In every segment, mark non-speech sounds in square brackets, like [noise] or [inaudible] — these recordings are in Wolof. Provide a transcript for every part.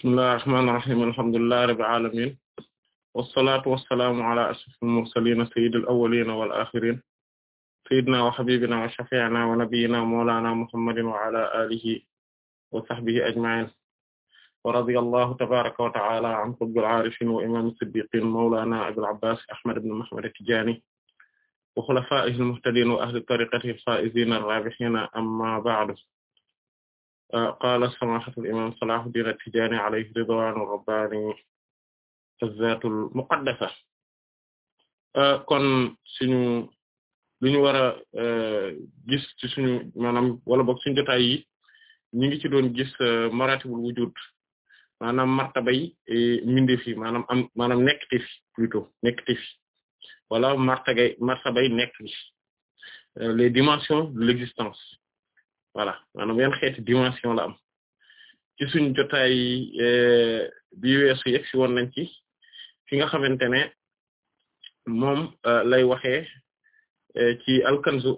bismillahir rahmanir rahim alhamdulillahi rabbil alamin wassalatu wassalamu ala ashrafil mursalin sayyidil awwalin wal akhirin sayyidina wa habibina wa shafi'ina wa nabiyyina mawlana muhammadin wa ala alihi wa sahbihi ajma'in wa radiyallahu tabaraka wa ta'ala an qutbil arifin wa imam siddiqin mawlana abil abbas ahmad ibn muhammad at-tijani wa khulafa'ihil muhtadin wa ahli tariqatihi al-faizin ar-rabihin amma ba'du qaala samaahatul imaam Salaahuddin At-Tijaani alayhi ridwaanu rabbaani az-zaatul muqaddasa kon suñu lu ñu war a gis ci maanaam wala boog suñu jotaay yi ñu ngi ci doon gis maratibul wujud maanaam martabay e mbindeef yi maanaam am maanaam nekkte fi plutôt nekkte fi wala martabay les dimensions de l'existence voilà maanaam yan xeeti dimension la am ci suñ jotaay eh, bi weesu yegg si woon nañ ci nga xamante ne moom eh, lay waxe eh, ci alkanzu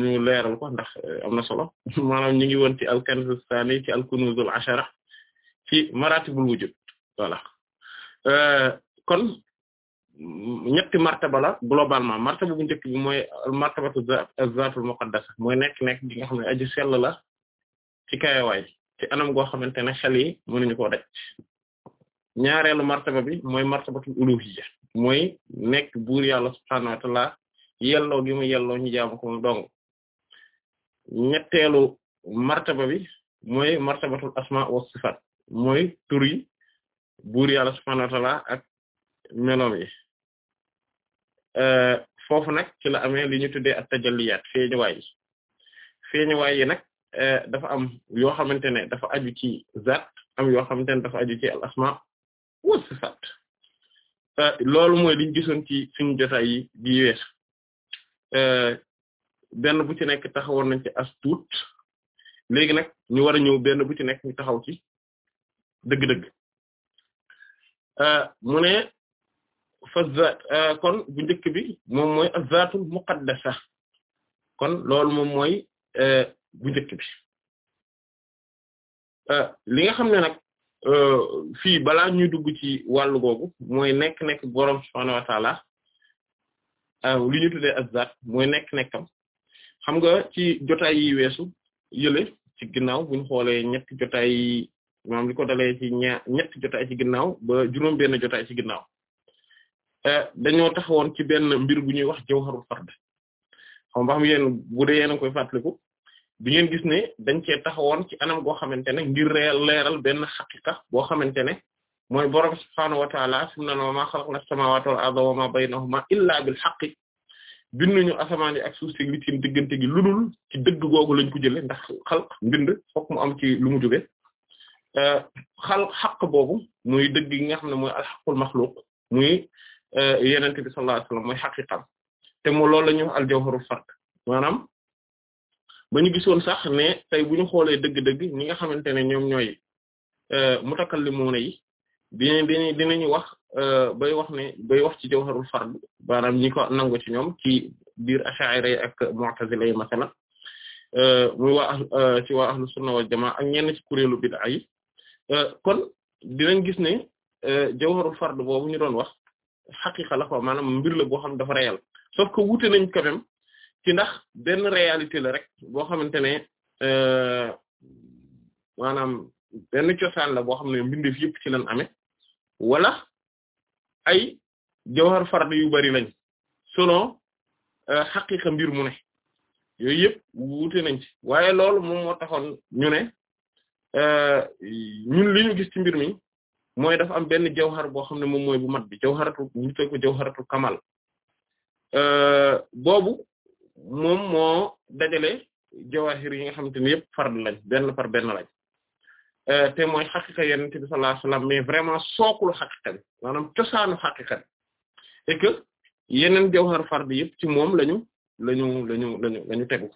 ñu leeral ko ndax am na solo [laughs] maanaam ñu ngi woon ci alkanzu sani ci alkunuzul ashara ci maratibul wujud voilà kon ñetti martaba la globalement bi mooy martabatu zatul mooy nekk-nekk xam ne aju la ci kayawaay ci anam goo xamante ne xel yi mënuñu koo daj ñaareelu martaba bi mooy martabatul uluhiyya mooy nekk buur yàlla subhaanahu wa ta'ala gi mu yelloo ñu jaamu ko mu martaba bi mooy martabatul asma wa sifaat mooy tur yi buur yàlla subhaanahu wa ta'ala ak meloom Euh, foofu nag ci la ame li ñu tuddee ak tajalliyaat feeñuwaay yi feeñuwaay yi nag euh, dafa am yoo xamante ne dafa aju ci zat am yoo xamante ne dafa aju ci al asma wa sifaat euh, loolu mooy liñ gisoon ci suñu jotaay yi bii weesu benn bu ci nekk taxawoon nañ ci as tuut léegi nag ñu wara a benn bu ci nekk ñu taxaw ci dëgg-dëgg mu ne fa euh, kon bu njëkk bi moom mooy azzatul muqaddasa kon loolu moom mooy euh, bu njëkk bi euh, li nga xam ne nag fii balaa ñuy dugg ci wàllu googu mooy nekk-nekk boroom subhaanahu wa ta'ala li ñu tuddee azzat mooy nekk-nekkam xam nga ci jotaay yi weesu yële ci ginnaaw bu ñu xoolee ñetti jotaay yi maanaam li ko dalee ci ña ñetti jotaay ci ginnaaw ba juróom benn jotaay ci ginnaaw Eh, dañoo taxawoon ci benn mbir bu ñuy wax jawharul fard xam nga xam yéen bu dee koy fàttaliku bi ngeen gis ne dañ cee taxawoon ci anam goo xamante ne ngir leeral benn xaqiqa boo xamante ne mooy borom subhaanahu wa ta'ala sum na ma xalaqna as-samaawaati wal arda wa ma baynahuma illa bil haqqi binduñu asamaan yi ak suuf si li seen diggante gi ludul ci dëgg googu lañ ko jëlee ndax xalq mbind fokk mu am ci lu mu jóge eh, xal xaq boobu muy dëgg yi nga xam ne mooy al muy Eh, yenente bi sallallahu alayhi wasallam mooy xaqiqam te mu loolu la ñuy wax aljawharul faq maanaam ba ñu gisoon sax ne tey bu ñu xoolee dëgg-dëgg ñi nga xamante ne ñoom ñooy eh, mutakallimuna yi dinañ dinañ dinañu wax eh, bay wax ne bay wax ci jawharul fard maanaam ñi ko nangu ci ñoom ci biir ash'ari ak mu'tazila yi masalan muy waa ci waa ahlus sunna wal jamaa ak ñenn ci kuréelu bid'a ay kon dinañ gis ne jawharul fard boobu ñu doon wax xaqiqa la quoi maanaam mbir la boo xam ne dafa réel sauf que wuute nañ quand même ci ndax benn réalité la rek boo xamante ne euh, maanaam benn cosaan la boo xam ne mbindeef yëpp ci lañ wala ay jawhar fard yu bari lañ selon euh, xaqiqa mbir mu ne yooyu yëpp wuute nañ ci waaye loolu moom moo taxoon ñu ne euh, ñun li gis ci mbir mi mooy dafa am benn jawhar boo xam ne moom mooy bu mat bi jawharatu ñu fekk ko jawharatu kamal euh, boobu moom moo dajale jawahir yi nga xamante ni yëpp fard lañ benn par benn lañ euh, te mooy xaqiqa yenente bi sallallahu mais vraiment sookul xaqiqa bi maanaam cosaanu xaqiqa bi et que yeneen jawhar fard yëpp ci moom lañu lañu lañu lañu lañu tegu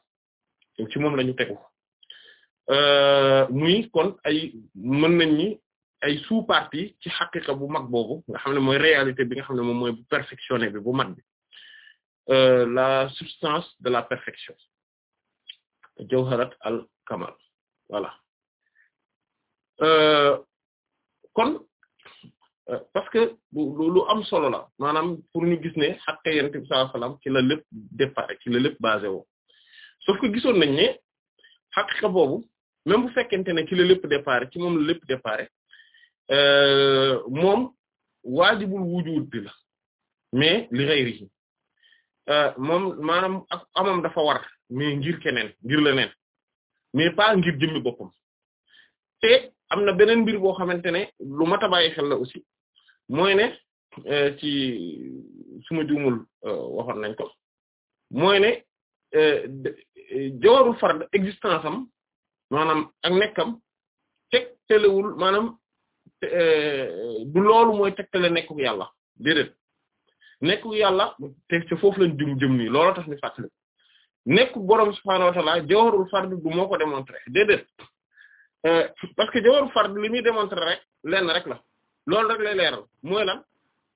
ci moom lañu tegu euh, muy kon ay mën nañ ñi ay sous-partie ci xaqiqa bu mag boobu nga xam ne mooy réalité bi nga xam ne moom mooy bu perfectionné bi bu mat bi euh, la substance de la perfection jawharat al kamal voilà euh, kon euh, parce que lu am solo la maanaam pour ñu gis ne xaqe yonent bi sallallahu alayhi wasallam ci la lépp départ ci la lépp basé woo que gisoon nañ ne xaqiqa boobu même bu fekkente ne ci la lépp départ ci moom la lépp départ Euh, moom waajibul wujud bi la mais li ghayrihi euh, moom maanaam ak amam dafa war mais ngir keneen ngir leneen mais pas ngir jëmmi boppam te am na beneen mbir boo xamante ne lu mat a bàyyi xel la aussi mooy ne euh, ci suma juumul waxoon nañ ko mooy ne jawarul fard existence am maanaam ak nekkam teg telewul maanaam Euh, du loolu mooy tegtale nekkug yàlla déedéet nekkug yàlla te te foofu lañ jëm jëm nii looloo tax ñu fàttali nekkug boroom subhaanahu wa ta'aala jawharul fard du moo ko démontrer déedéet euh, parce que jawharul fard li muy démontrer rek lenn rek la loolu rek lay leeral mooy lan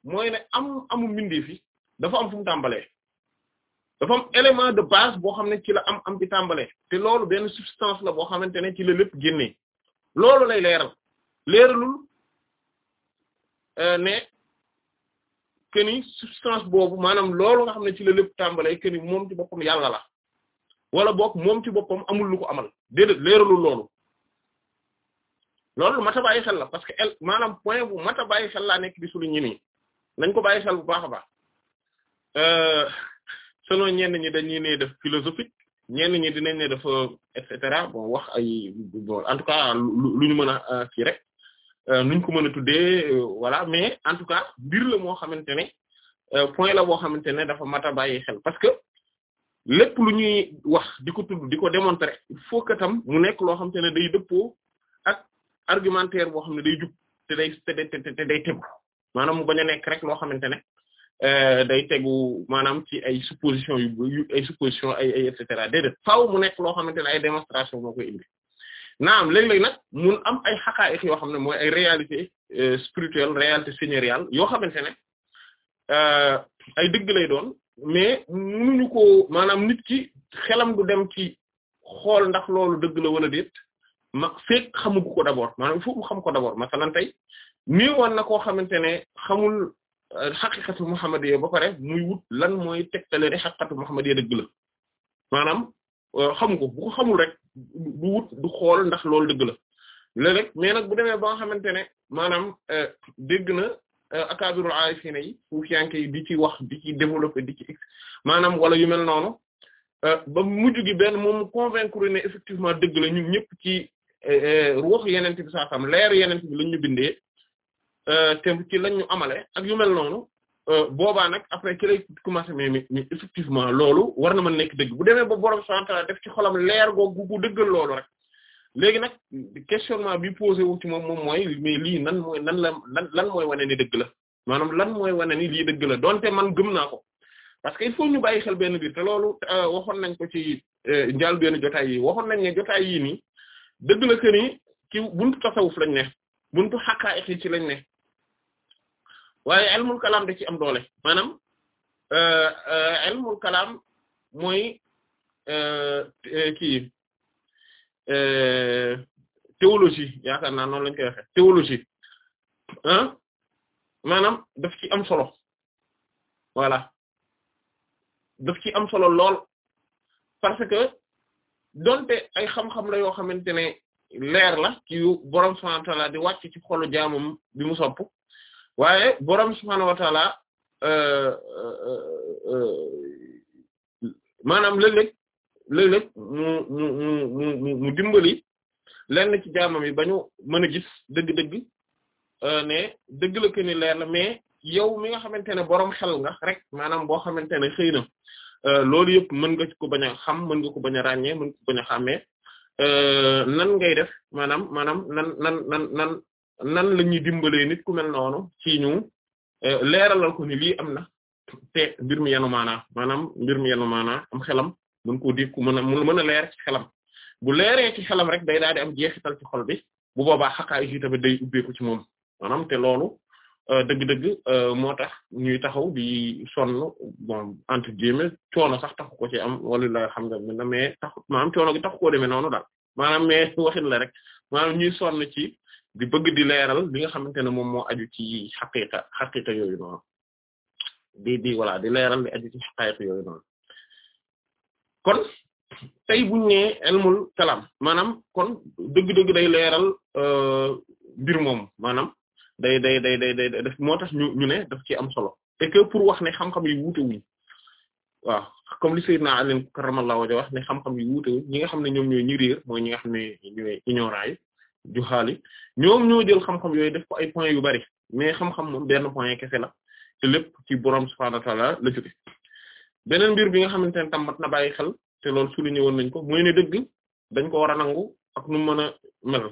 mooy ne am amu mbindeef fi dafa am fum mu tàmbalee dafa am élément de base boo xam ne ci la am am bi tàmbalee te loolu benn substance la boo xamante ne ci la lépp génnee loolu lay leeral leeralul. ne euh, que ni substance boobu maanaam loolu nga xam ne ci la lépp tàmbalee que ni moom ci boppam yàlla la wala book moom ci boppam amul lu ko amal déedéet leeralul loolu loolu mat a bàyyi xel la parce que el maanaam point bu mat a bàyyi xel laa nekk di sulu ñi nii nañ ko bàyyi xel bu baax a baax euh, selon ñenn ñi dañuy ne def philosophique ñenn ñi dinañ ne def euh, et bon wax ay bon en tout cas lu ñu mën a kii rek Euh, nuñ ko mën a tuddee euh, voilà mais en tout cas mbir la moo xamante ne euh, point la boo xamante ne dafa mat a bàyyi xel parce que lépp lu ñuy wax di ko tudd di ko démontrer il faut que tam mu nekk loo xamante ne day dëppoo ak argumentaire boo xam ne day jub te day te day maanaam mu bañ a nekk rek loo xamante ne day tegu maanaam ci ay supposition yu ay supposition ay ay et cetera déedéet faaw mu nekk loo xamante ne ay démonstration moo koy indi naam léeg-léeg nag mun am ay xaqaayiq yoo xam ne mooy ay réalité euh, spirituelle réalité seigneuriale yoo xamante ne euh, ay dëgg lay doon mais munuñu ko maanaam nit ki xelam du dem ci xool ndax loolu dëgg la wala déet ma fekk xamugu ko d'abord maanaam il faut mu xam ko d'abord masalan tey nii woon na koo xamante ne xamul euh, xaqiqatu muhammadiyya ba pare muy wut lan mooy tegtale ne xaqiqatu muhammadiyya dëgg la maanaam Euh, xamu ko bu ko xamul rek du wut du xool ndax loolu dëgg la léeg-léeg mais nag bu demee ba nga xamante ne maanaam euh, dégg na euh, akabirul aarifina yi suufiyanke yi di ci wax di ci développer di ci maanaam wala yu mel noonu ba mujj gi benn moom convaincre ne effectivement dëgg la ñun ñëpp ci ruux yeneen bi saa leer yeneen bi lañ ñu bindee te ci lañ ñu amale ak yu mel noonu Euh, booba nag après ki lay commencé mais mais effectivement loolu war na mën nekk dëgg bu demee ba borom subhaanahu wa def ci xolam leer googu gu dëggal loolu rek léegi nag questionnement bi posé wu ci moom moom mooy mais lii nan mooy nan la lan lan mooy wanee ni dëgg la maanaam lan mooy wane ni lii dëgg la donte man gëm naa ko parce que il faut ñu bàyyi xel benn biir te loolu euh, waxoon nañ ko ci euh, njaal benn jotaay yi waxoon nañ ne jotaay yii nii dëgg la que ni ki buntu lañ ne buntu xaqaa'iq ci lañ ne. waaye ilmul kalam da ci am doole maanaam euh, euh, ilmul kalaam mooy euh, kii théologie yaakaar naa noonu lañ koy waxe théologie ah maanaam daf ci am solo voilà daf ci am solo lool parce que donte ay xam-xam la yoo xamante ne leer la ci yu borom subhanahu wa ta'ala di wàcc ci xolu jaamam bi mu sopp waaye borom subhaanahu wa taala euh, euh, euh, maanaam léeg-léeg léeg mu mu mu mu mu dimbali lenn ci jaamam yi ba ñu mën a gis dëgg-dëgg ne dëgg la que ni leer la mais yow mi nga xamante ne borom xel nga rek maanaam boo xamante ne xëy na loolu yëpp mën nga ko bañ a xam mën nga ko bañ a ràññee mën nga ko bañ a xàmmee nan ngay def maanaam maanaam nan nan nan nan nan la ñuy dimbalee nit ku mel noonu ci ñu eh, leeralal ko ni lii am na te mbir mi yenu maanaa maanaam mbir mi yenu maana am xelam mën koo dégg mën a mën a leer ci xelam bu leeree ci xelam rek day daal am jeexital ci xol bi bu boobaa xaqaay yi tamit day ubbeeku ci moom maanaam te loolu euh, dëgg-dëgg euh, moo tax ñuy taxaw bi sonn bon entre guillemets coono sax taxu ko ci am wala xam nga mën na mais taxu maanaam coono taxu koo demee noonu daal maanaam mais waxin la rek maanaam ñuy sonn ci di bëgg di leeral bi nga xamante ne moom moo aju ci xaqiqa xaqiqa yooyu noonu di di voilà di leeral li aju ci xaqaayiq yooyu noonu kon tey buñ ne ilmul kalam maanaam kon dëgg-dëgg day leeral euh, mbir moom maanaam day day day day day def moo tax ñu ñu ne daf ci am solo et que pour wax ne xam-xam yi wuute wuñ waaw comme li Seydina Ali karramallahu wajhahu wax ne xam-xam yi wuute wuñ ñi nga xam ne ñoom ñooy ñi réer mooy ñi nga xam ne ñooy Juxaali ñoom ñoo jël xam-xam yooyu def ko ay points yu bari mais xam-xam moom benn point kese la te lépp ci borom subhaanahu a ta'aala la jóge beneen mbir bi nga xamante ne tam mat na bàyyi xel te loolu souligné woon nañ ko mooy ne dëgg dañ ko war a nangu ak nu mën a mel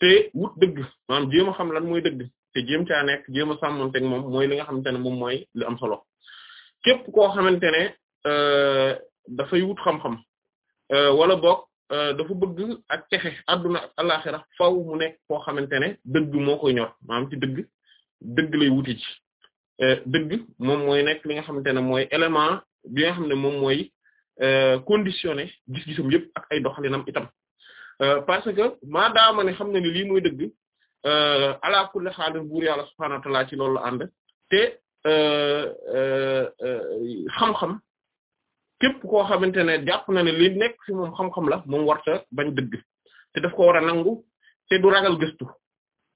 te wut dëgg maanaam jéem a xam lan mooy dëgg te jéem caa nekk jéem a sàmmanteeg moom mooy li nga xamante ne moom mooy li am solo képp koo xamante ne euh, dafay wut xam-xam euh, wala boog Euh, dafa bëgg ak texe adduna ak alaxira mu nekk koo xamante ne dëgg moo koy ñor maanaam ci dëgg dëgg lay wuti euh, dëgg moom mooy nekk li nga xamante ne mooy élément bi nga xam ne moom mooy euh, conditionné gis-gisam yëpp ak ay doxalinam itam parce que ma maadaama ne xam na lii mooy dëgg ala kulli xaalis buur yàlla subhaanahu wa ta'aala ci loolu la te xam-xam képp koo xamante ne jàpp na ne li nekk ci moom xam-xam la moom war ta bañ dëgg te daf ko war a nangu te du ragal gëstu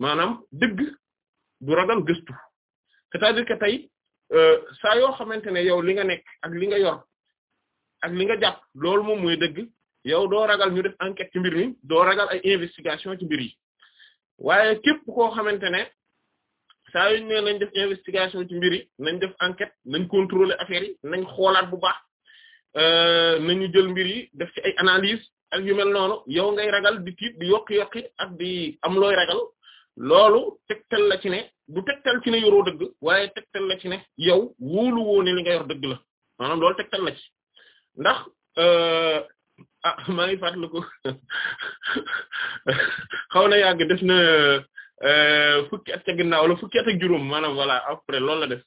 maanaam dëgg du ragal gëstu c'est-à-dire que euh, yoo xamante ne yow li nga nekk ak li nga yor ak li nga jàpp loolu moom mooy dëgg yow doo ragal ñu def enquête ci mbir mi doo ragal ay investigation ci mbir yi waaye képp koo xamante ne saa yu ñu ne nañ def investigation ci mbir yi nañ def enquête nañ contrôler affaire yi nañ xoolaat bu baax Euh, nañu jël mbir yi def ci ay analyse ak yu mel noonu yow ngay ragal di tiit di yokki yokki ak di am looy ragal loolu tegtal la ci ne du tegtal ci ne yoroo dëgg waaye tegtal la ci ne yow wóolu woo li nga yor dëgg la maanaam loolu tegtal la ci ndax euh, ah maa ngi fàttaliku [laughs] xaw na yàgg def na euh, fukki at ca ginnaaw wala fukki at ak juróom maanaam voilà après loolu la def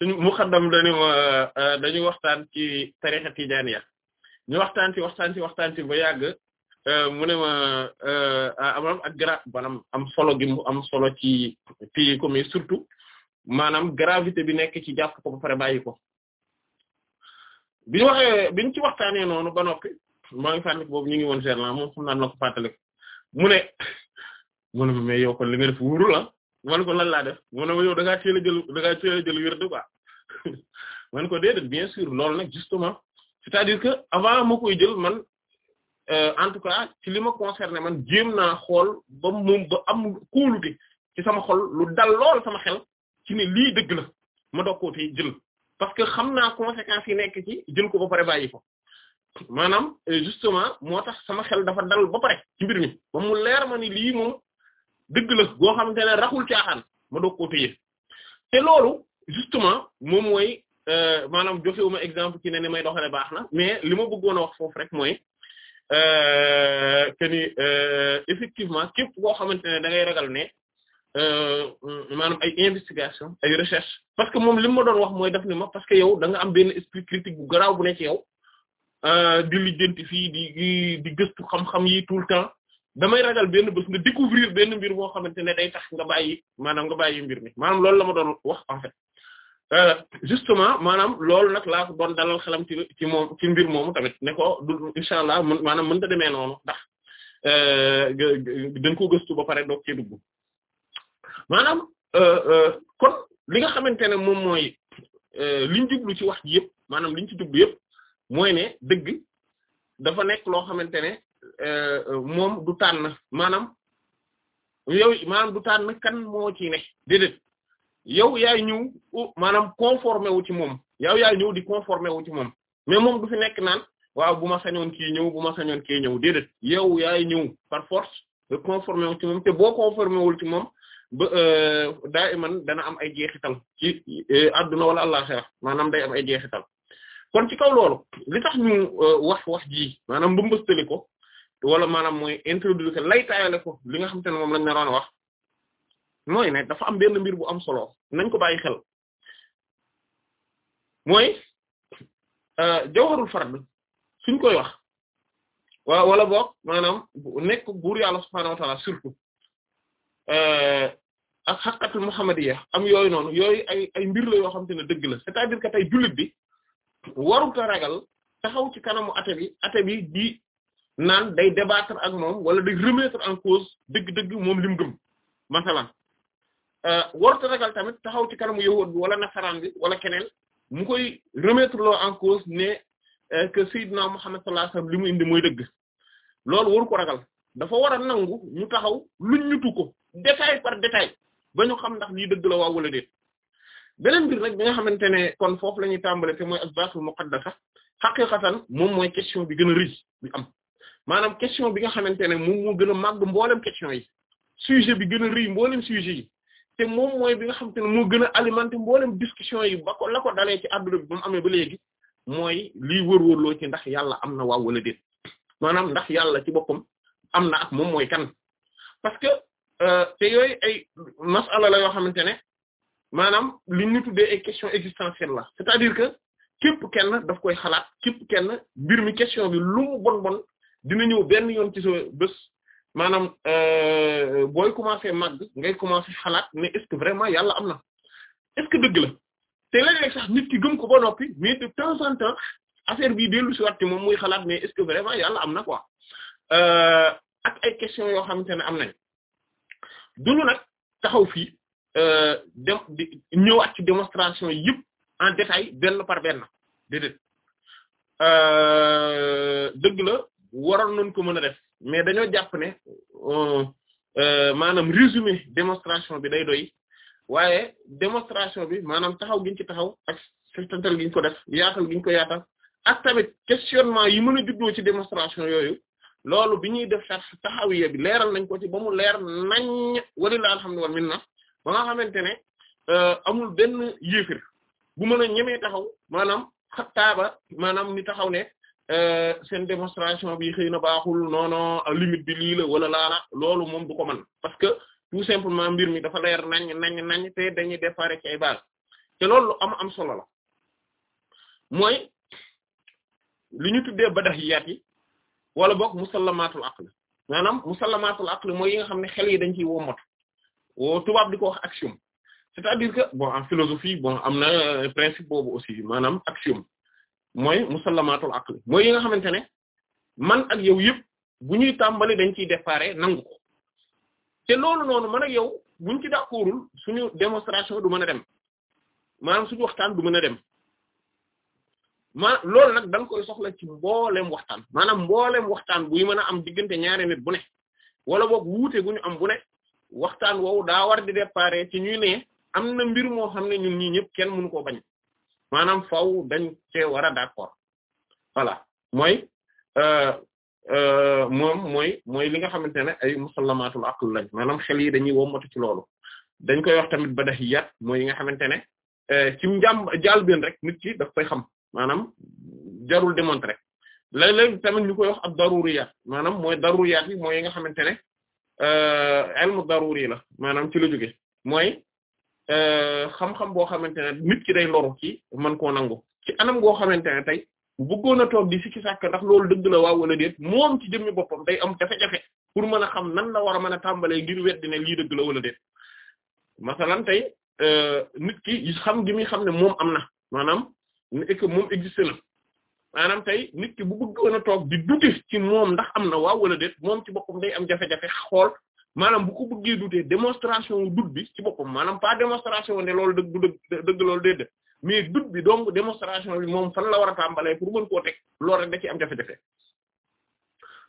suñu muqaddam dañu euh, dañu waxtaan ci tarixa tijaaniya ñu waxtaan ci waxtaan ci waxtaan ci ba yàgg euh, mu ne ma amam euh, ak gra maanaam am solo gi mu am solo ci ci comme surtout maanaam gravité bi nekk ci jàpp ko pare bàyyi ko bi ñu waxee bi ñu ci noonu ba noppi maa ngi fàttali boobu ñu ngi woon Gerland moom xam naa na ko fàttali mu ne mu ne ma mais yow kon li nga def wóorul ah man ko lan laa def mu ne ma yow da ngaa teel a jël da ngaa teel a jël wér de quoi [laughs] man ko déedéet bien sûr loolu nag justement c'est-à-dire que avant ma koy jël man euh, en tout cas ci li ma ne man jéem naa xool ba moom ba am kóolute ci sama xol lu dal lool sama xel ci ne lii dëgg la ma doog koo jël parce que xam naa conséquences yi nekk ci jël ko ba pare bàyyi ko maanaam euh, justement moo tax sama xel dafa dal ba pare ci mbir mi ba mu leer ma ni lii moom dëgg la goo xamante ne raxul caaxaan ma doog koo téye te loolu justement moom mooy euh, maanaam joxewuma exemple ki ne ne may doxale baax na mais li ma bëggoon wax foofu rek mooy euh, que ni euh, effectivement képp koo xamante ne da ngay ragal ne maanaam ay investigation ay recherche parce que moom li ma doon wax mooy daf ne ma parce que yow da nga am benn esprit critique bu garaaw bu ne ci yow di lijjanti fii di di gëstu xam-xam yi tout le temps damay ragal benn bés nga découvrir benn mbir boo xamante ne day tax nga ba bàyyi maanaam nga bàyyi mbir mi maanaam loolu la ma doon wax en fait Euh, justement maanaam loolu nag laa ko doon dalal xelam ci ci moom mbir moomu tamit ne ko du incha allah mën maanaam mënta demee noonu ndax euh, dañ ko gëstu ba pare doog cee dugg maanaam euh, kon li nga xamante ne moom mooy liñ jublu ci wax ji yëpp maanaam liñ ci jublu yëpp mooy ne dëgg dafa nekk loo xamante ne moom du tànn maanaam yow maanaam du tànn kan moo ci yow yaay ñëw maanaam conformé wu ci moom yow yaay ñëw di conformé wu ci moom mais moom du fi nekk naan waaw bu ma sañoon kii ñëw bu ma sañoon kii ñëw déedéet yow yaay ñëw par force de conformé wu ci moom te boo conformé wul ci moom ba euh, daa iman dana am ay jeexital ci adduna euh, wala àllaxira maanaam day am ay jeexital kon ci kaw loolu li tax ñu euh, wax wax ji maanaam mbëmbëstali ko wala maanaam mooy introduire laytaayale ko li nga xam te ne moom lañ naroon wax mooy ne dafa am benn mbir bu am solo nañ ko bàyyi xel mooy euh, jawharul fard suñ koy wax wa wala boog maanaam nekk buur yàlla subhaanahu wa ta'ala surtout euh, ak xaqatul muhammadiyya am yooyu noonu yooyu ay ay mbir la yoo xam te ne dëgg la c'est-à-dire que tey jullit bi warut a ragal taxaw ci kanamu ate bi ate di naan day débattre ak moom wala day remettre en cause dëgg-dëgg moom lim gëm masalan Euh, warut ragal tamit taxaw ci kanamu yahuud bi wala nasaraan bi wala keneen mu koy remettre loo en cause ne euh, que Seydina Muhammad sallallahu li mu indi mooy dëgg loolu ko ragal dafa war a nangu ñu taxaw luñ ñu tu ko détail par détail ba ñu xam ndax lii dëgg la waaw wala déet beneen biir nag bi nga xamante ne kon foofu la ñuy tàmbale te mooy asbatul muqaddasa xaqiqatan moom mooy question bi gën a riche bi am maanaam question bi nga xamante ne moom moo gën a màgg mboolem question yi sujet bi gën a riche mboolem sujet yi te moom mooy bi nga xam te ne moo gën a alimenté mboolem discussion yi ba ko la ko dalee ci àdduna bi ba mu ba léegi mooy liy wër-wërloo ci ndax yàlla am na waaw wala déet maanaam ndax yàlla ci boppam am na ak moom mooy kan parce que euh, te yooyu ay masala la yoo xamante ne maanaam li ñu tuddee ay question existentielle la c'est-à-dire que képp kenn daf koy xalaat képp kenn mbir mi question bi lu mu bon bon dina ñëw benn yoon ci sa bés maanaam euh, booy commencer màgg ngay commencer xalaat ne est-ce que vraiment yàlla am na est-ce que dëgg la te léeg-léeg sax nit ki gëm ko ba noppi mais de temps en temps affaire bii dellu si waat ci moom muy xalaat mais est-ce que vraiment yàlla am na quoi euh, ak ay questions yoo xamante ne am nañ duñu nag taxaw fii euh, dem di ñëwaat ci démonstration yëpp en détail benn par na déedéet dëgg la waroon nañ ko mën a def. mais dañoo jàpp ne euh, euh, maanaam résumé démonstration bi day doy waaye démonstration bi maanaam taxaw giñ ci taxaw ak setantal giñ ko def yaatal giñ ko yaatal ak tamit questionnement yi mën a juddoo ci démonstration yooyu loolu bi ñuy def sax taxawiya bi leeral nañ ko ci ba mu leer nañ walilah alhamdu wal na ba nga xamante ne euh, amul benn yéefir bu mën a ñemee taxaw maanaam xattaaba maanaam ni taxaw ne Euh, seen démonstration bi xëy na baaxul non non limite bi lii la wala laala loolu moom du ko mën parce que tout simplement mbir mi dafa leer nañ nañ nañ te dañuy déparé ci ay baal te loolu lu am am solo la mooy li ñu tuddee badahiyaat yi wala boog musallamatul aql maanaam musallamatul aql mooy yi nga xam ne xel yi dañ ciy wommatu woo tubaab di ko wax axiome c'est-à-dire que bon en philosophie bon am na principe boobu aussi maanaam axiome mooy musallamatul aqli mooy yi nga xamante ne man ak yow yëpp bu ñuy tàmbali dañ ciy déparé nangu ko te loolu noonu man ak yow buñ ci d'accordul suñu démonstration du mën a dem maanaam suñu waxtaan du mën a dem ma loolu nag dan nga koy soxla ci mbooleem waxtaan maanaam mbooleem waxtaan buy mën a am diggante ñaari nit bu ne wala boog wuute gu ñu am bu ne waxtaan woowu daa war di depare ci ñuy ne am na mbir moo xam ne ñun ñii ñëpp kenn mënu koo bañ maanaam faw dañ cee war a d'accord voilà mooy euh, euh, moom mooy mooy li nga xamante ne ay musallamatul aql lañ maanaam xel yi dañuy wommatu ci loolu dañ koy wax tamit badahiyat mooy yi nga xamante ne euh, ci njàm jaal ben rek nit ki daf koy xam maanaam jarul démontrer léeg-léeg tamit ñu koy wax ab daruriyat maanaam mooy daruriyat yi mooy yi nga xamante ne ilmu daruri la maanaam ci la jóge mooy Euh, xam-xam boo xamante ne nit ki day loru ci mën koo nangu ci anam goo xamante ne tey bëggoon a toog di sikki sàkk ndax loolu dëgg la waaw wala déet moom ci jëmmi boppam day am jafe-jafe pour mën a xam nan la war a mën a tàmbalee ngir weddi ne lii dëgg wala déet masalan tey euh, nit ki xam gi muy xam ne moom am na maanaam et que moom na maanaam tey nit ki bu bëggoon a toog di douter ci moom ndax am na waaw wala déet moom ci boppam day am jafe-jafe xool maanaam bu ko bëggee dutee démonstration wu dut bi ci boppam maanaam pas démonstration ne loolu dëgg du dëgg dëgg loolu déedéet mais dut bi donc démonstration bi moom fan la war a tàmbalee pour mën koo teg loolu rek da ci am jafe-jafe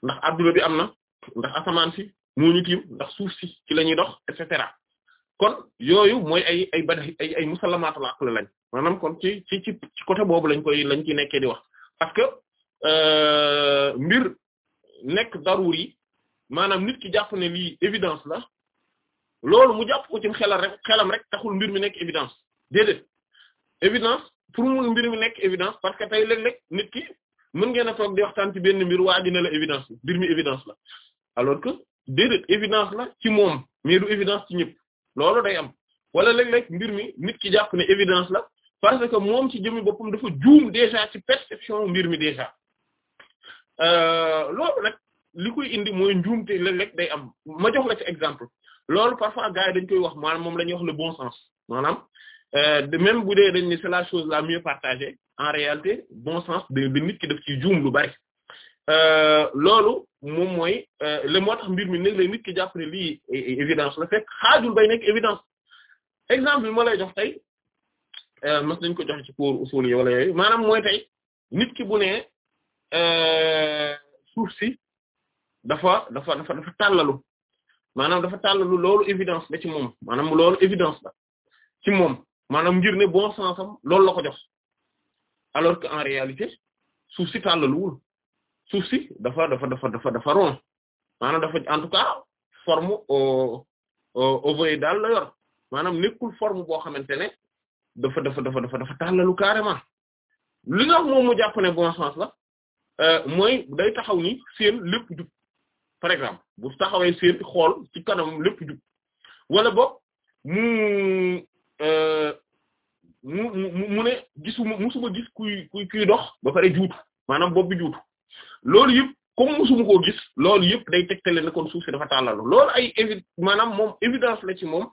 ndax adduna bi am na ndax asamaan si moo ñu tiim ndax suuf si ci la ñuy dox et cetera kon yooyu mooy ay ay bada ay ay musallamaatul aql lañ maanaam kon ci ci ci côté boobu lañ koy lañ ci nekkee di wax parce que euh, mbir nekk daruri maanaam nit ki jàpp ne lii évidence la loolu mu jàpp ko ci xelal rek xelam rek taxul mbir mi nekk évidence déedéet évidence pour mu mbir mi nekk évidence parce que tey léeg-léeg nit ki mën ngeen a toog di waxtaan ci benn mbir waa dina la évidence la mi évidence la alors que déedéet évidence la ci moom mais du évidence ci ñëpp loolu day am wala léeg-léeg mbir mi nit ki jàpp ne évidence la parce que moom ci jëmmi boppam dafa juum déjà ci perception mbir mi déjà euh, loolu nag li koy indi mooy njuum léeg lekk day am ma jox la ci exemple loolu parfois gars dañ koy wax maanaam moom la ñuy wax le bon sens maanaam euh, de même bu dee dañ ni c'est la chose la mieux partagée en réalité bon sens de nit ki def ciy juum lu bari euh, loolu moom mooy euh, le moo tax mbir mi nekk la nit ki jàpp ne lii évidence la fekk xaajul bay nekk évidence exemple bi ma jox tey mas nañ ko joxe ci pour usul yi wala maanaam mooy tey nit ki bu ne suuf si dafa dafa dafa dafa tàllalu maanaam dafa tàllalu loolu évidence la ci moom maanaam loolu évidence la ci moom maanaam ngir ne bon sens am loolu la ko jox alors que en réalité suuf si tàllaluwul suuf si dafa dafa dafa dafa dafa rond maanaam dafa en tout cas forme ovoïdale la yor maanaam nekkul forme boo xamante ne dafa dafa dafa dafa dafa tàllalu carrément li nga wax moom mu bon sens la euh, mooy day taxaw ni seen lépp jub par exemple bu taxawee seen xool ci kanam lépp jub wala boog mu euh, mu mu mu ne gisuma musuma gis kuy kuy kuy dox ba pare juutu maanaam bopp bu juutu loolu yëpp comme musuma koo gis loolu yëpp day tegtale ne kon suuf si dafa tàllalu lool ay évi maanaam moom évidence la ci moom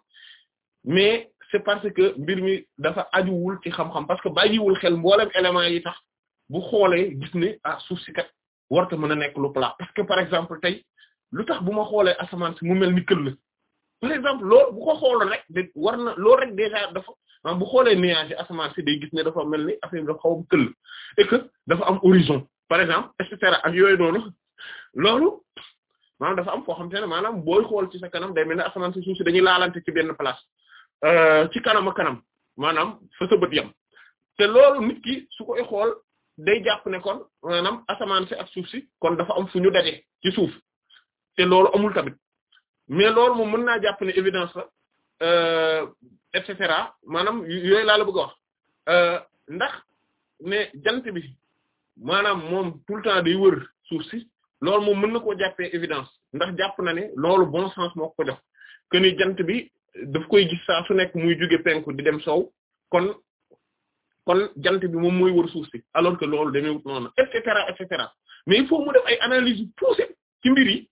mais c'est parce que mbir mi dafa ajuwul ci xam-xam parce que bàyyiwul xel mboolem éléments yi tax bu xoolee gis ne ah suuf si kat warta mën a nekk lu plat parce que par exemple tey lu tax bu ma xoolee asamaan si mu mel ni kël par exemple loolu bu ko xooloon rek de war na loolu rek déjà dafa bu xoolee nuage asamaan si day gis ne dafa mel ni affaire dafa xaw a këll dafa am horizon par exemple et ak yooyu noonu loolu maanaam dafa am foo xam te ne maanaam booy xool ci sa kanam day mel ne asamaan si suuf si dañuy laalante ci benn place euh, ci kanam kanam maanaam fa sa bët yam te loolu nit ki su koy xool day jàpp ne kon maanaam asamaan si ak suuf si kon dafa am fu ñu daje ci suuf te loolu amul tamit mais loolu moom mën naa jàpp ne évidence la euh, et cetera maanaam yooyu laa la bëgg a wax euh, ndax ne jant bi maanaam moom tout le temps day wër suuf si loolu moom mën na koo jàppe évidence ndax jàpp na ne loolu bon sens moo ko jox que jant bi daf koy gis saa su nekk muy jóge penku di dem sow kon kon jant bi moom muy wër suuf si alors que loolu demee wut noonu et mais il faut mu def ay analyses yu poussées ci yi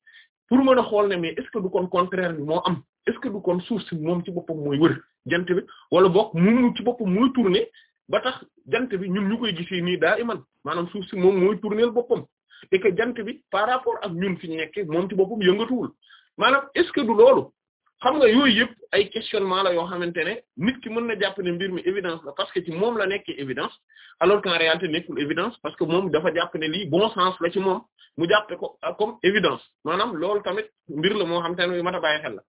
pour mën a xool ne mais est-ce que du kon contraire bi moo am est-ce que du kon suuf si moom ci boppam mooy wër jant bi wala boog mu ci boppam mooy tourner ba tax jant bi ñun ñu koy gisee nii daa man maanaam suuf si moom mooy tourner boppam et que jant bi par rapport ak ñun fi ñu nekkee moom ci boppam yëngatuwul maanaam est-ce que du loolu xam nga yooyu yëpp ay questionnement la yoo xamante ne nit ki mën na jàpp ne mbir mi évidence la parce que ci moom la nekkee évidence alors qu'en réalité nekkul évidence parce que moom dafa jàpp ne lii bon sens la ci moom mu jàppe ko comme évidence maanaam loolu tamit mbir la moo xam te ne mat a bàyyi xel la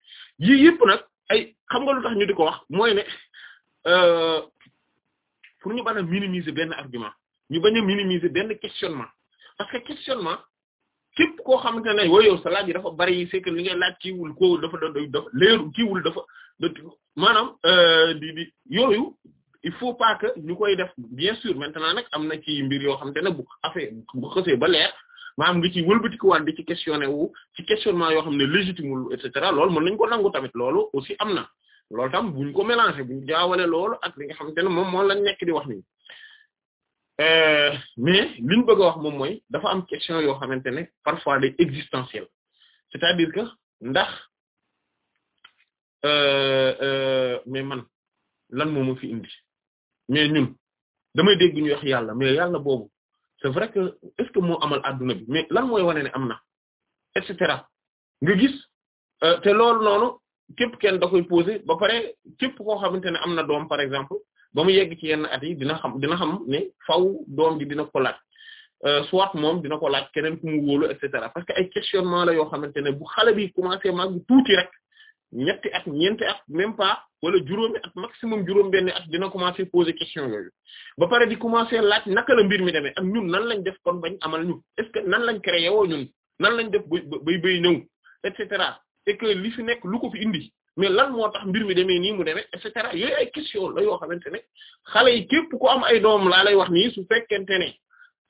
yii yëpp nag ay xam nga lu tax ñu di ko wax mooy ne euh, pour ñu bañ a minimiser benn argument ñu bañ a minimiser benn questionnement parce que questionnement képp koo xamante ne wooy yow sa laaj yi dafa bari c'est que li ngay laaj kiiwul ko dafa dafa leeru kiiwul dafa maanaam euh, di di yooyu il faut pas que ñu koy def bien sûr na nag am na ci mbir yoo xamante ne bu affaire bu xësee ba leer maanaam nga ci wëlbatikuwaat di ci questionner wu ci questionnement yoo xam ne légitimul et cetera loolu mën nañu ko nangu tamit loolu aussi am na loolu tam buñ ko mélanger buñ jaawale loolu ak li nga xamante ne moom moo lañ nekk di wax nii Euh, mais li ñu bëgg a wax moom mooy dafa am question yoo xamante ne parfois day existentielle c'est-à-dire que ndax euh, euh, mais man lan moo fi indi mais ñun damay dégg ñu wax yàlla mais yàlla boobu c'est vrai que est-ce que moo amal adduna bi mais lan mooy wane ne am na et cetera nga gis te loolu noonu képp kenn da koy poser ba pare képp koo xamante ne am na doom par exemple ba mu yegg ci yenn at yi dina xam dina xam ne faw doom ji dina ko laaj euh, soit moom dina ko laaj keneen ku mu wóolu et cetera parce que ay questionnement la yoo xamante ne bu xale bi commencé mag bu tuuti rek ñetti at ñeenti at même pas wala juróomi at maximum juróom benn at dina commencé poser question yooyu ba pare di commencé laaj naka la mbir mi demee ak ñun nan lañ def kon bañ amal ñu est ce que nan lañ créé woo ñun nan lañ def bay bay bay ñëw et cetera et que li fi nekk lu ko indi mais lan moo tax mbir mi demee nii mu demee et cetera yooyu ay question la yoo xamante ne xale yi képp ku am ay doom laa lay wax nii su fekkente ne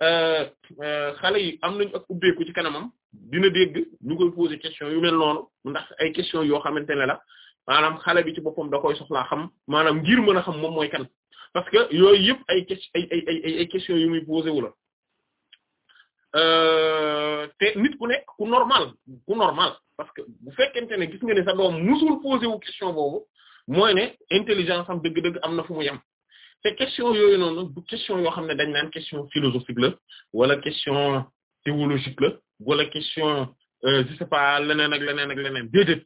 euh, euh, xale yi am nañu ak ubbeeku ci kanamam dina dégg ñu koy poser question yu mel noonu ndax ay question yoo xamante ne la maanaam xale bi ci boppam da koy soxlaa xam maanaam giir mën a xam moom mooy kan parce que yooyu yëpp ay ay ay ay ay yu muy poser wu Euh, te nit ku nekk ku normal ku normal parce que bu fekkente ne gis nga ne sa doom musul posé wu question boobu mooy ne intelligence am dëgg-dëgg am na fu mu yem te question yooyu noonu du question yoo xam ne dañ naan question philosophique la wala question théologique la wala question euh, je sais pas leneen ak leneen ak leneen déedéet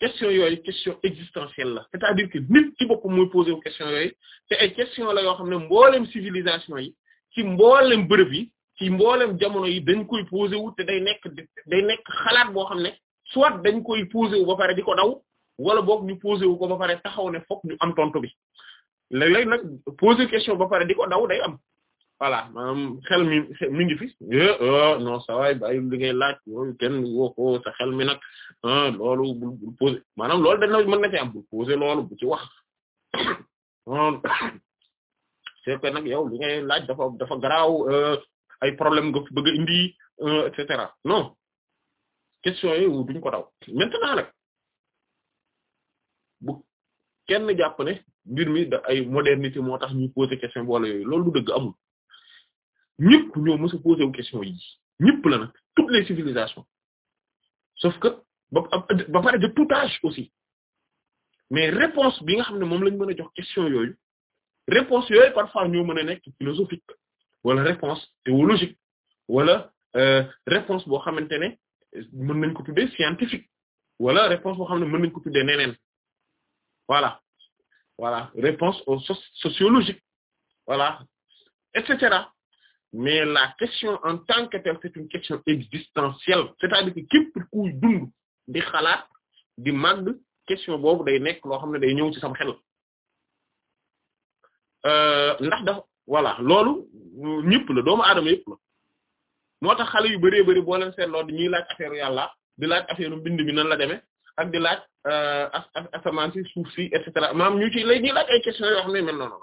question yooyu question existentielle la c'est-à-dire que nit ci boppam muy posé question yooyu te ay question la yoo xam ne mboolem civilisation yi ci bërëb yi ci mboolem jamono yi dañ koy posé wu te day nekk day xalaat boo xam ne soit dañ koy posé wu ba pare di ko daw wala boog ñu posé wu ko ba pare taxaw ne fokk ñu am tontu bi léeg-léeg nag posé question ba pare di ko day am voilà maanaam xel mi mi ngi fi eh, eh, non ça va bàyyi li laaj loolu mi nag ah, loolu maanaam loolu dañ mën na ci am bul posé loolu bu ci wax [coughs] ah, [coughs] c'est que dafa dafa garaaw euh, ay problème nga fi bëgg a indi euh, et cetera non question yooyu duñ ko daw maintenant nag bu kenn jàpp ne mbir mi da ay modernité moo tax ñu poser question boole yooyu loolu du dëgg amul ñëpp ñoo mës a poser wu question yi ñëpp la nag toutes les civilisations sauf que ba ba pare de tout aussi mais réponse bi nga xam ne moom lañ mën a jox question yooyu réponse yooyu parfois ñoo mën a nekk philosophique wala réponse théologique wala euh, réponse boo xamante ne mën nañ ko scientifique wala réponse boo xam ne mën nañ ko tuddee neneen voilà voilà réponse au sociologique voilà et cetera mais la question en tant que telle c'est une question existentielle c'est-à-dire que képp kuy dund di xalaat di màgg question boobu day nekk loo xam ne day ñëw ci sama xel euh, ndax dafa voilà loolu ñëpp la doomu aadama yëpp la moo tax xale yu bëree bëri boo leen lool di ñuy laaj affaire yàlla di laaj affaire mbind mi nan la demee ak di laaj euh, asamaan si suuf si et maam ñu ci lay ñuy laaj ay questions yoo xam ne mel noonu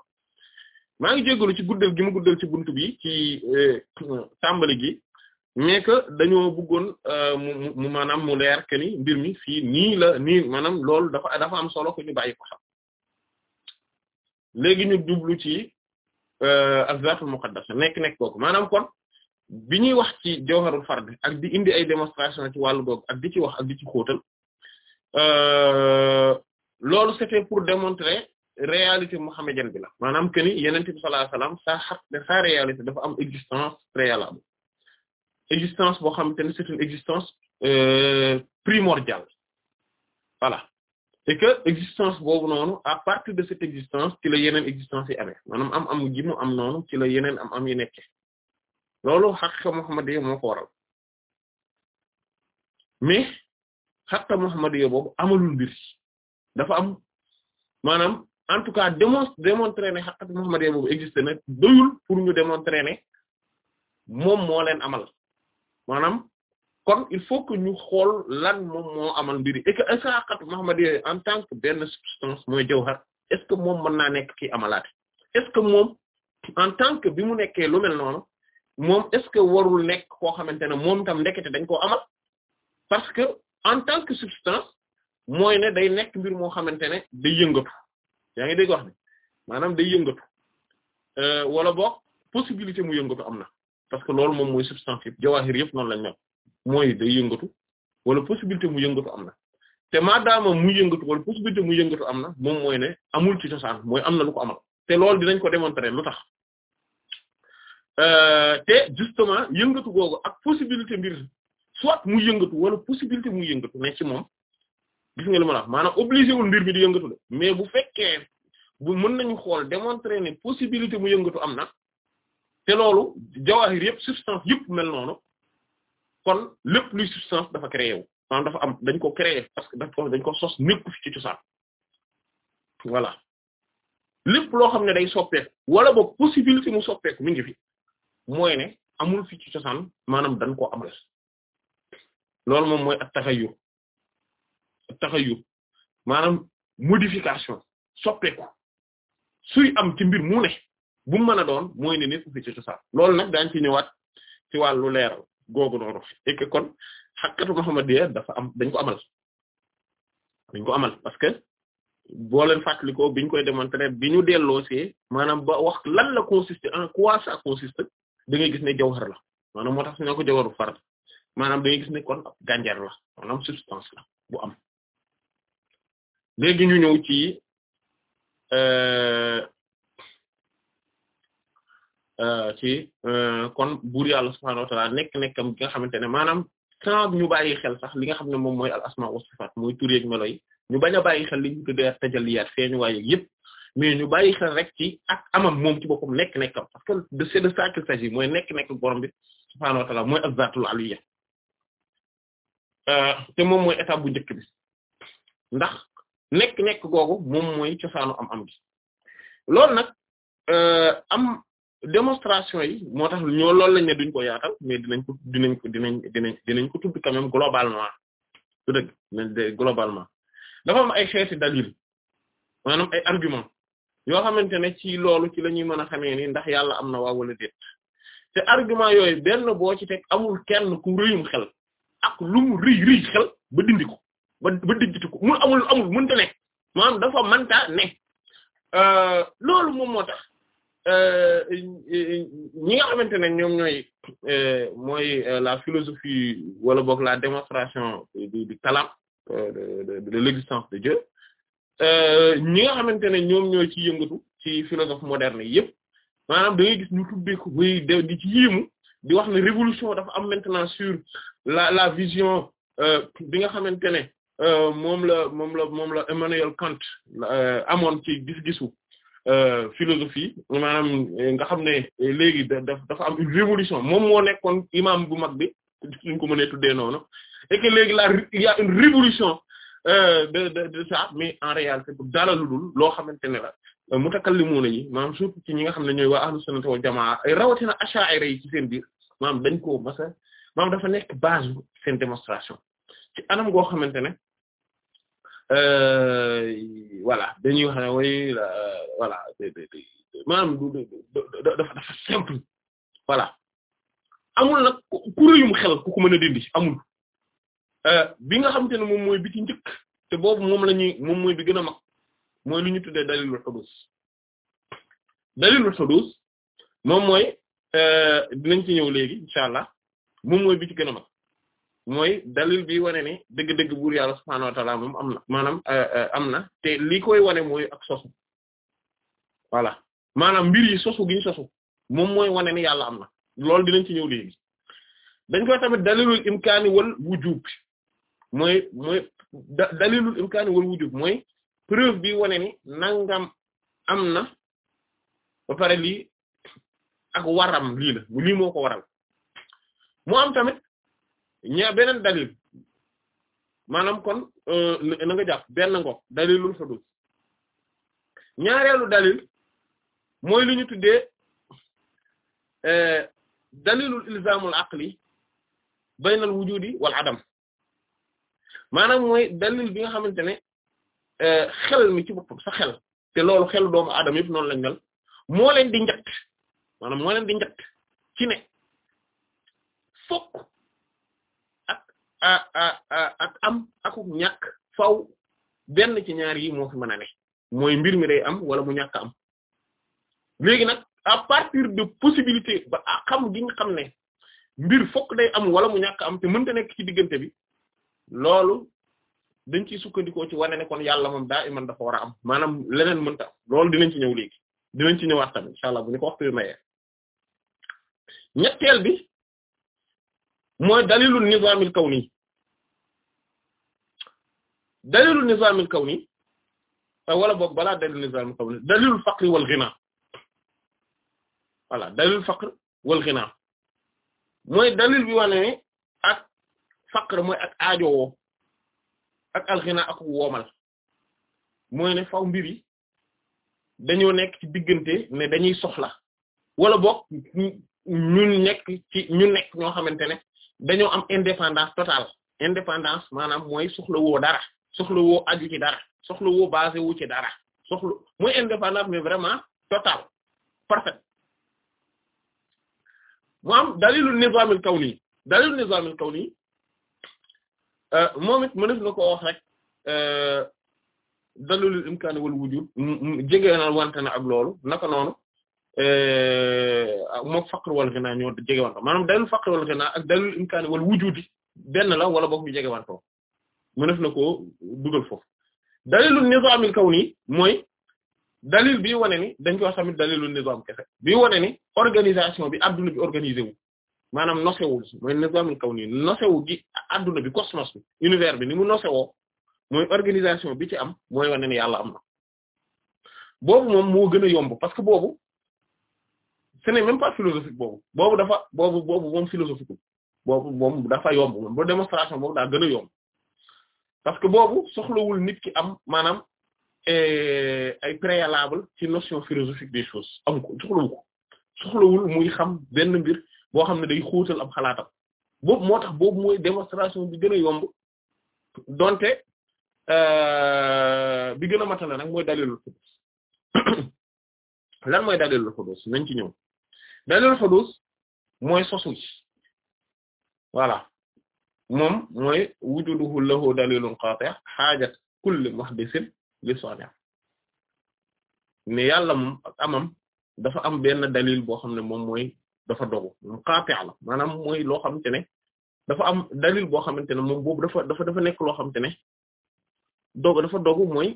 maa ngi jégalu ci guddal gi mu guddal ci buntu bi ci euh, tàmbali gi mais que dañoo buggoon euh, mu mu maanaam mu leer que mbir mi fii nii la nii maanaam lool dafa dafa am solo ko ñu bàyyi ko xam léegi ñu jublu ci. Euh, az-zaatul muqaddasa nekk nekk kooku maanaam kon bi ñuy wax ci jawharul fard ak di indi ay démonstration ci wàllu googu ak di ci wax ak di ci xóotal euh, loolu c'était pour démontrer réalité mohammedienne bi la maanaam que ni yonent bi sallallahu alayhi sa réalité dafa am existence préalable existence boo xamante ne c'est une existence euh, primordiale voilà et que existence boobu noonu à partir de cette existence ci yeneen existence yi amee maanaam am am ji am noonu kilo yeneen am am yi nekke loolu xaqiqa muhammadiyya moo ko waral mais xaqiqa muhammadiyya boobu amalul mbir dafa am maanaam en tout cas démon démontrer ne xaqiqa muhammadiyya boobu existé na pour ñu démontrer ne moom moo leen amal maanaam kon il faut que ñu xool lan moom moo amal mbiri et que isaaqatu muhammadiyya en tant que benn substance mooy jawhar est que moom mën naa nekk kii amalaate est que moom en tant que bi mu nekkee lu mel noonu moom est-ce que warul nekk koo xamante ne moom tam ndekete dañ koo amal parce que en tant substance mooy ne day nekk mbir moo xamante ne day yëngatu yaa ngi dégg wax ne maanaam day yëngatu euh, wala boog possibilité mu yëngatu am na parce que loolu moom mooy substance yëpp yëpp noonu lañ mel mooy day yëngatu wala possibilité mu yëngatu am na te maadaama mu yëngatu wala possibilité mu yëngatu am na moom mooy ne amul ci cosaan mooy am na lu ko amal te loolu dinañ ko démontrer lu tax euh, te justement yëngatu googu ak possibilité mbir soit mu yëngatu wala possibilité mu yëngatu ne ci moom gis nga li ma la wax maanaam obligé wul mbir bi di yëngatu la mais bu fekkee bu mën nañu xool démontrer ne possibilité mu yëngatu am na te loolu jawahir yëpp substance yëpp mel noonu kon lépp luy substance dafa créé wu maanaam dafa am dañ ko créé parce que dañ ko dañ ko sos nekku ci cosaan voilà lépp loo xam ne day soppeeku wala ba possibilité mu soppeeku mi ngi fi mooy ne amul fi ci cosaan maanaam dañ koo amal loolu moom mooy at taxayyur at maanaam modification soppeeku suy am ci mbir mu ne bu mu mën a doon mooy ne nekku fi ci cosaan loolu nag daañ ci ñëwaat ci wàllu leeral googu noonu et que kon xaqiiqatu muhammadiyya dafa am dañ ko amal dañ ko amal parce que boo leen fàttalikoo biñ koy démontrer bi ñu delloo see maanaam ba wax lan la consiste en quoi ça consiste da ngay gis ne jawhar la maanaam moo tax su ne ko jawharu fard maanaam da gis ne kon ab gànjar la maanaam substance la bu am léegi ñu ñëw ci. Euh, Euh, ci euh, kon buur yàlla subhaanahu wa ta'aala nekk nekkam gi nga xamante ne maanaam sans ñu bàyyi xel sax li nga xam ne moom mooy al asma wa sifaat mooy tur yeeg melo ñu baña a bàyyi xel li ñu tuddee tajalliyaat feeñu waaye ñu bàyyi xel amam moom ci boppam nekk nekkam parce que de c'est de ça qu'il mooy nekk nekk borom bi subhaanahu wa ta'aala mooy az-zaatul euh, te moom mooy étape bu njëkk bi ndax nekk nekk googu moom mooy cosaanu am am gi loolu am démonstration yi moo tax ñoo loolu lañ ne duñ ko yaatal mais dinañ ko dinañ dinañ dinañ dinañ ko tudd quand même globalement su dëgg globalement dafa am ay xeeti dalil maanaam ay argument yoo xamante ne ci loolu ci la ñuy mën a xamee ni ndax yàlla am na waa wala déet te argument yooyu benn boo ci teg amul kenn ku rëyum xel ak lu mu rëy rëy xel ba dindi ko ba ba dijjiti ko mun amul amul mënta dafa mënta ne euh, loolu moom moo tax Euh, ñi nga xamante ne ñoom ñooy euh, mooy euh, la philosophie wala boog la démonstration du du kalam de de l'existence ñi nga xamante ne ñoom ñooy ci yëngatu ci philosophe moderne yi yëpp maanaam da ngay gis ñu tuddee ko muy di ci di wax révolution dafa am maintenant sur la la vision bi nga xamante ne moom la moom la moom la Emmanuel Kant amoon ci gis-gisu. Euh, philosophie maanaam euh, nga xam ne euh, léegi dafa am une révolution moom moo nekkoon imam bu mag bi suñ ko mënee tuddee noonu et que la il y une révolution de de de ça mais en réalité dara lu dul loo xamante ne la mutakallimuuna yi maanaam surtout ci ñi nga xam ne ñooy waa ahlus sunna wal jamaa ay rawatina ash'ari yi ci seen biir maanaam dañ ko masa maanaam dafa nekk base seen démonstration ci anam goo xamante ne Euh, voilà dañuy wax ne way voilà da dafa dafa simple voilà amul nag ku réyum xel ku ko mën a dindi amul euh, bi nga xamante ne moom mooy bi ci njëkk te boobu moom la ñuy moom mooy bi gën a mag mooy lu ñu tuddee dalilul xudus dalilul xudus moom mooy euh, dinañ ci ñëw léegi incha allah moom mooy bi ci gën a mag mooy dalil bi wane ni dëgg-dëgg buur yàlla subhaanahu wa ta'aala moom am na maanaam euh, euh, am na te li koy wane mooy ak sosu voilà maanaam mbir yi sosu gi ñu sosu moom mooy wane ni yàlla am na loolu dinañ ci ñëw léegi dañ koy tamit dalilul imkaani wal wujub mooy mooy dalilul imkaani wal wujub mooy preuve bi wane ni nangam am na ba pare lii ak waram lii la lii moo ko waral mu am ñaa beneen dalil maanaam kon euh, na nga jàpp benn ngoog dalilul hudud ñaareelu dalil mooy li ñu tuddee euh, dalilul ilzamul aqli baynal wujudi wal adam maanaam mooy dalil bi nga xamante ne euh, xel mi ci boppam sa xel te loolu xelu doomu adam yëpp noonu lañ mel moo leen di njëkk maanaam moo di njëkk ci ne fokk ak am akuk ñàkk faw benn ci ñaar yi moo fi mën a ne mooy mbir mi day am wala mu ñàkk am léegi nag à partir de possibilité ba xam gi nga xam ne mbir fokk day am wala mu ñàkk am te mënta nekk ci diggante bi loolu dañ ciy sukkandikoo ci wane ne kon yàlla moom daa iman dafa war a am maanaam leneen mënta am loolu dinañ ci ñëw léegi dinañ ci ñëwaat tamit incha allah bu ñu ko waxtu bi mayee ñetteel bi mooy dalilu nizaamil kawni dalilu kaw kawni euh, wala boog balaa dalilu nizaamil kawni dalilul faqri wal ghina voilà dalilul faqr wal ghina mooy dalil bi ak faqr mooy ak aajowoo ak al ak woomal mooy ne faw mbir yi dañoo ci diggante ne dañuy soxla wala boog ñu nekk ci ñu nekk ñoo xamante ne dañoo am indépendance totale indépendance maanaam mooy soxla woo dara soxla woo aju ci dara soxla woo basé wu ci dara soxla mooy indépendance mais vraiment totale parfaite mu am dalilu nizamil kawni dalilu nizamil kawni euh, moom it mënees na ko wax rek euh, dalilul imkaan wal wujud jege na wante na ak loolu naka noonu Euh, moom faqr wal ghina ñoo jegewanto maanaam dalil faqr wal ghina ak dalil imkaani wal wujudi benn la wala boog ñu mu mënef na ko dugal foofu dalilu nizaamil kawni mooy dalil bi wane ni dañ koy wax tamit dalilu nizaam kese bi wane ni organisation bi adduna bi organisé wu maanaam nosewul mooy kaw kawni nosewu gi adduna bi cosmos bi bi ni mu nosewoo mooy organisation bi ci am mooy wane ni yàlla am na boobu moom moo gën a yomb parce que boobu ce n'est pas philosophique boobu boobu dafa boobu boobu moom philosophique boobu moom dafa yomb moom ba démonstration boobu daa gën a yomb parce que boobu soxlawul nit ki am maanaam eh, ay préalable ci notion philosophique des choses am ko soxlawu muy xam benn mbir boo xam ne day xóotal am xalaatam boobu moo tax boobu mooy démonstration bi gën a yomb donte euh, bi gën a matale nag mooy dalilul xudus [coughs] lan mooy dalilul xudus nañ ci ñëw beneen xudus mooy sosu ci voilà moom mooy wujuduhu lahu dalilun qati' xaajat kulli muhdisin li sani' mais yàlla moom ak amam dafa am benn dalil boo xam ne moom mooy dafa dogu moom qati' la maanaam mooy loo xamante ne dafa am dalil boo xamante ne moom boobu dafa dafa dafa nekk loo xamante ne dogu dafa dogu mooy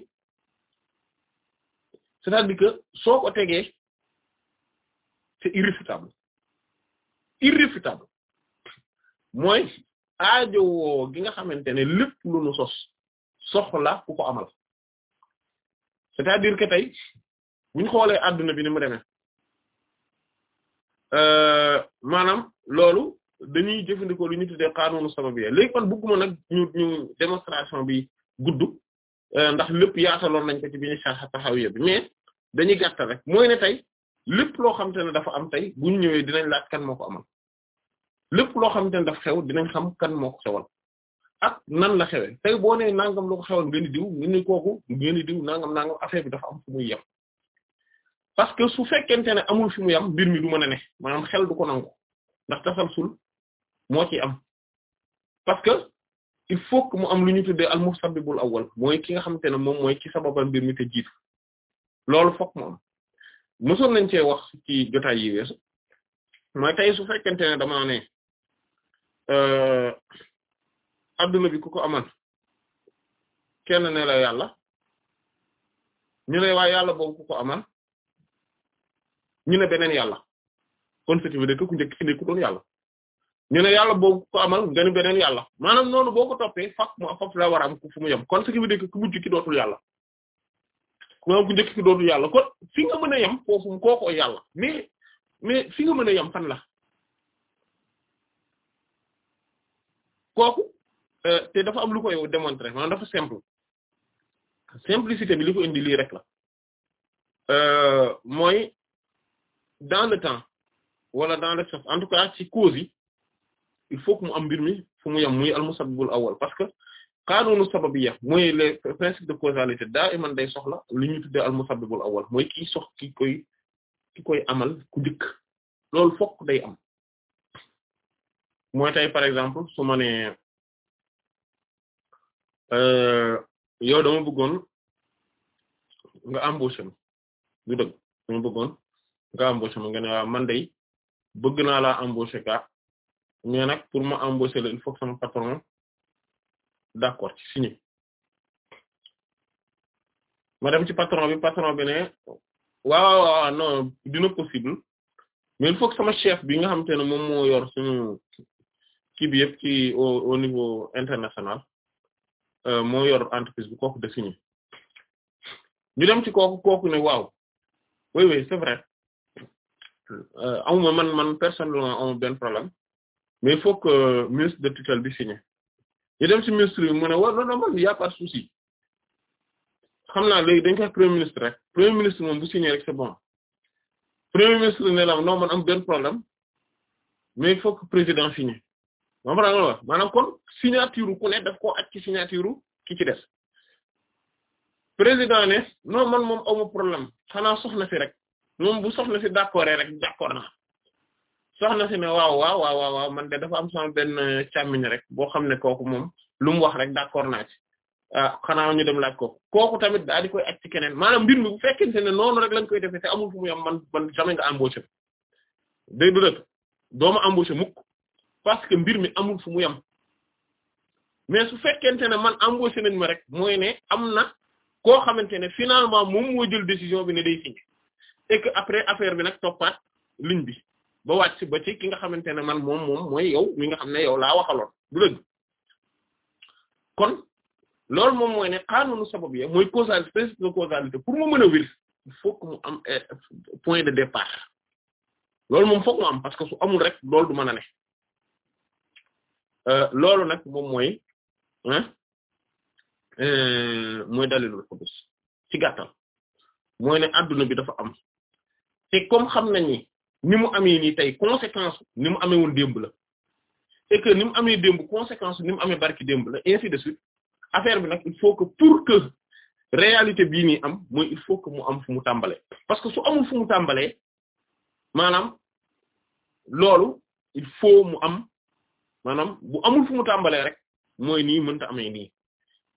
c'est-à-dire que soo c'est irréfutable irréfutable mooy aajowoo gi nga xamante ne lépp lu nu sos soxla ku ko amal c'est-à-dire que tey buñ xoolee adduna bi ni mu demee euh, maanaam loolu dañuy jëfandikoo lu ñu tuddee xaanoonu sababiyya léegi kon bëgguma nag ñu ñu démonstration bi gudd euh, ndax lépp yaataloon nañ ko ci bi ñu sax taxawiya bi mais dañuy gàttal rek mooy ne tey lépp loo xamante ne dafa am tey bu ñu ñëwee dinañ laaj kan moo ko amal lépp loo xamante ne dafa xew dinañ xam kan mook ko xewal ak nan la xewee tey boo nangam lu ko xewal ngeen diw ngeen kooku ngeen di diw nangam nangam affaire bi dafa am fu muy yem parce que su fekkente ne amul fi mu yem mbir mi du mën a ne maanaam xel du ko nangu ndax tasalsul moo ci am parce que il faut que mu am lu ñu tuddee al musabbibul awwal mooy ki nga xamante ne moom mooy ki sababal mbir mi te jiitu loolu fokk mu mësoon nañ cee wax ci jotaay yi weesu mooy tey su fekkente ne damaa ne euh, adduna bi ku ko amal kenn ne la yàlla ñu ne waaye yàlla boobu ku ko amal ñu ne beneen yàlla kon ce qui veut dire ku njëkk ki nekku doon yàlla ñu ne yàlla boobu ku ko amal nga ni beneen yàlla maanaam noonu boo ko toppee fak mu faf la war ku fu mu yem kon ce qui veut dire ku mujj ki dootul yàlla maanaam ku njëkk ki dootu yàlla kon fi nga mën a yem foofu kookoo yàlla mais mais fi nga mën a yem fan la kooku euh, te dafa am lu koy démontrer maanaam dafa simple simplicité bi li ko indi lii rek la euh, mooy dans le temps wala dans l'espace en tout cas ci cause yi il faut que mu am mbir mi fu mu yem muy al-musabbabul parce que xaanunu sababiyya mooy le principe de causalité daa iman day soxla li ñuy tuddee al musabbibul awwal mooy ki sox ki koy ki koy amal ku njëkk loolu fokk day am mooy tey par exemple su ma nee euh, yow dama bëggoon nga embaucher ma du bëggoon nga embaucher ma nga ne waaw man de bëgg naa laa embaucher ka pour ma embaucher la il faut sama patron d'accord ci signé ma ci patron bi patron bi ne waaw waaw non possible mais il sama chef bi nga xamante ne moom moo yor suñu kii bi au au niveau international euh, moo yor entreprise bi kooku de signé ñu dem ci kooku kooku ne waaw oui oui c'est vrai euh, amuma man man personnellement amuma benn problème mais il ministre de tutelle bi signé ñu dem ci ministre bi mu ne war na non man y a pas de souci xam naa léegi dañ koy premier ministre rek premier ministre moom bu signé rek c'est bon premier ministre ne la non man am benn problème mais fok président signé moom la nga wax maanaam kon signature ku ne daf koo at ci signature des président ne non man moom amu problème xanaa soxna fi rek moom bu soxna fi d'accord rek d'accord naa soxna si ne waaw waaw waaw waaw man de dafa am sama benn eh, càmmiñ rek boo xam ne kooku moom lu mu wax rek d'accord naa ci ah ñu dem laaj ko kooku tamit daa di koy aj keneen maanaam mbir mi bu fekkente ne noonu rek lañ koy defee te amul fu mu man man jamais nga embauché day du dëkk dooma embauché mukk parce que mbir mi amul fu mu yam mais su fekkente ne man embauché nañ ma rek mooy ne am na koo xamante ne finalement moom moo jël décision bi ne day signé et après affaire bi nag toppaat ligne bi ba wàcc ba ci ki nga xamante ne man moom moom mooy yow mi nga xam ne yow laa waxaloon du dëgg kon loolu moom mooy ne xaanunu sabab ya mooy causalité principe de pour mu mën a wér il mu am eh, point de départ loolu moom foog mu am parce que su amul rek loolu du mën a ne euh, loolu nag moom mooy euh, mooy dalilul xudus ci gàttal mooy ne adduna bi dafa am te comme xam nañ ni mu amee nii tey conséquence ni mu amee woon démb la et que ni mu amee démb conséquence ni mu amee barki démb la ainsi de suite affaire bi nag il faut que pour que réalité bii nii am mooy il faut que mu am fu mu tàmbalee parce que su amul fu mu tàmbalee maanaam loolu il faut mu am maanaam bu amul fu mu tàmbalee rek mooy nii mënta amee nii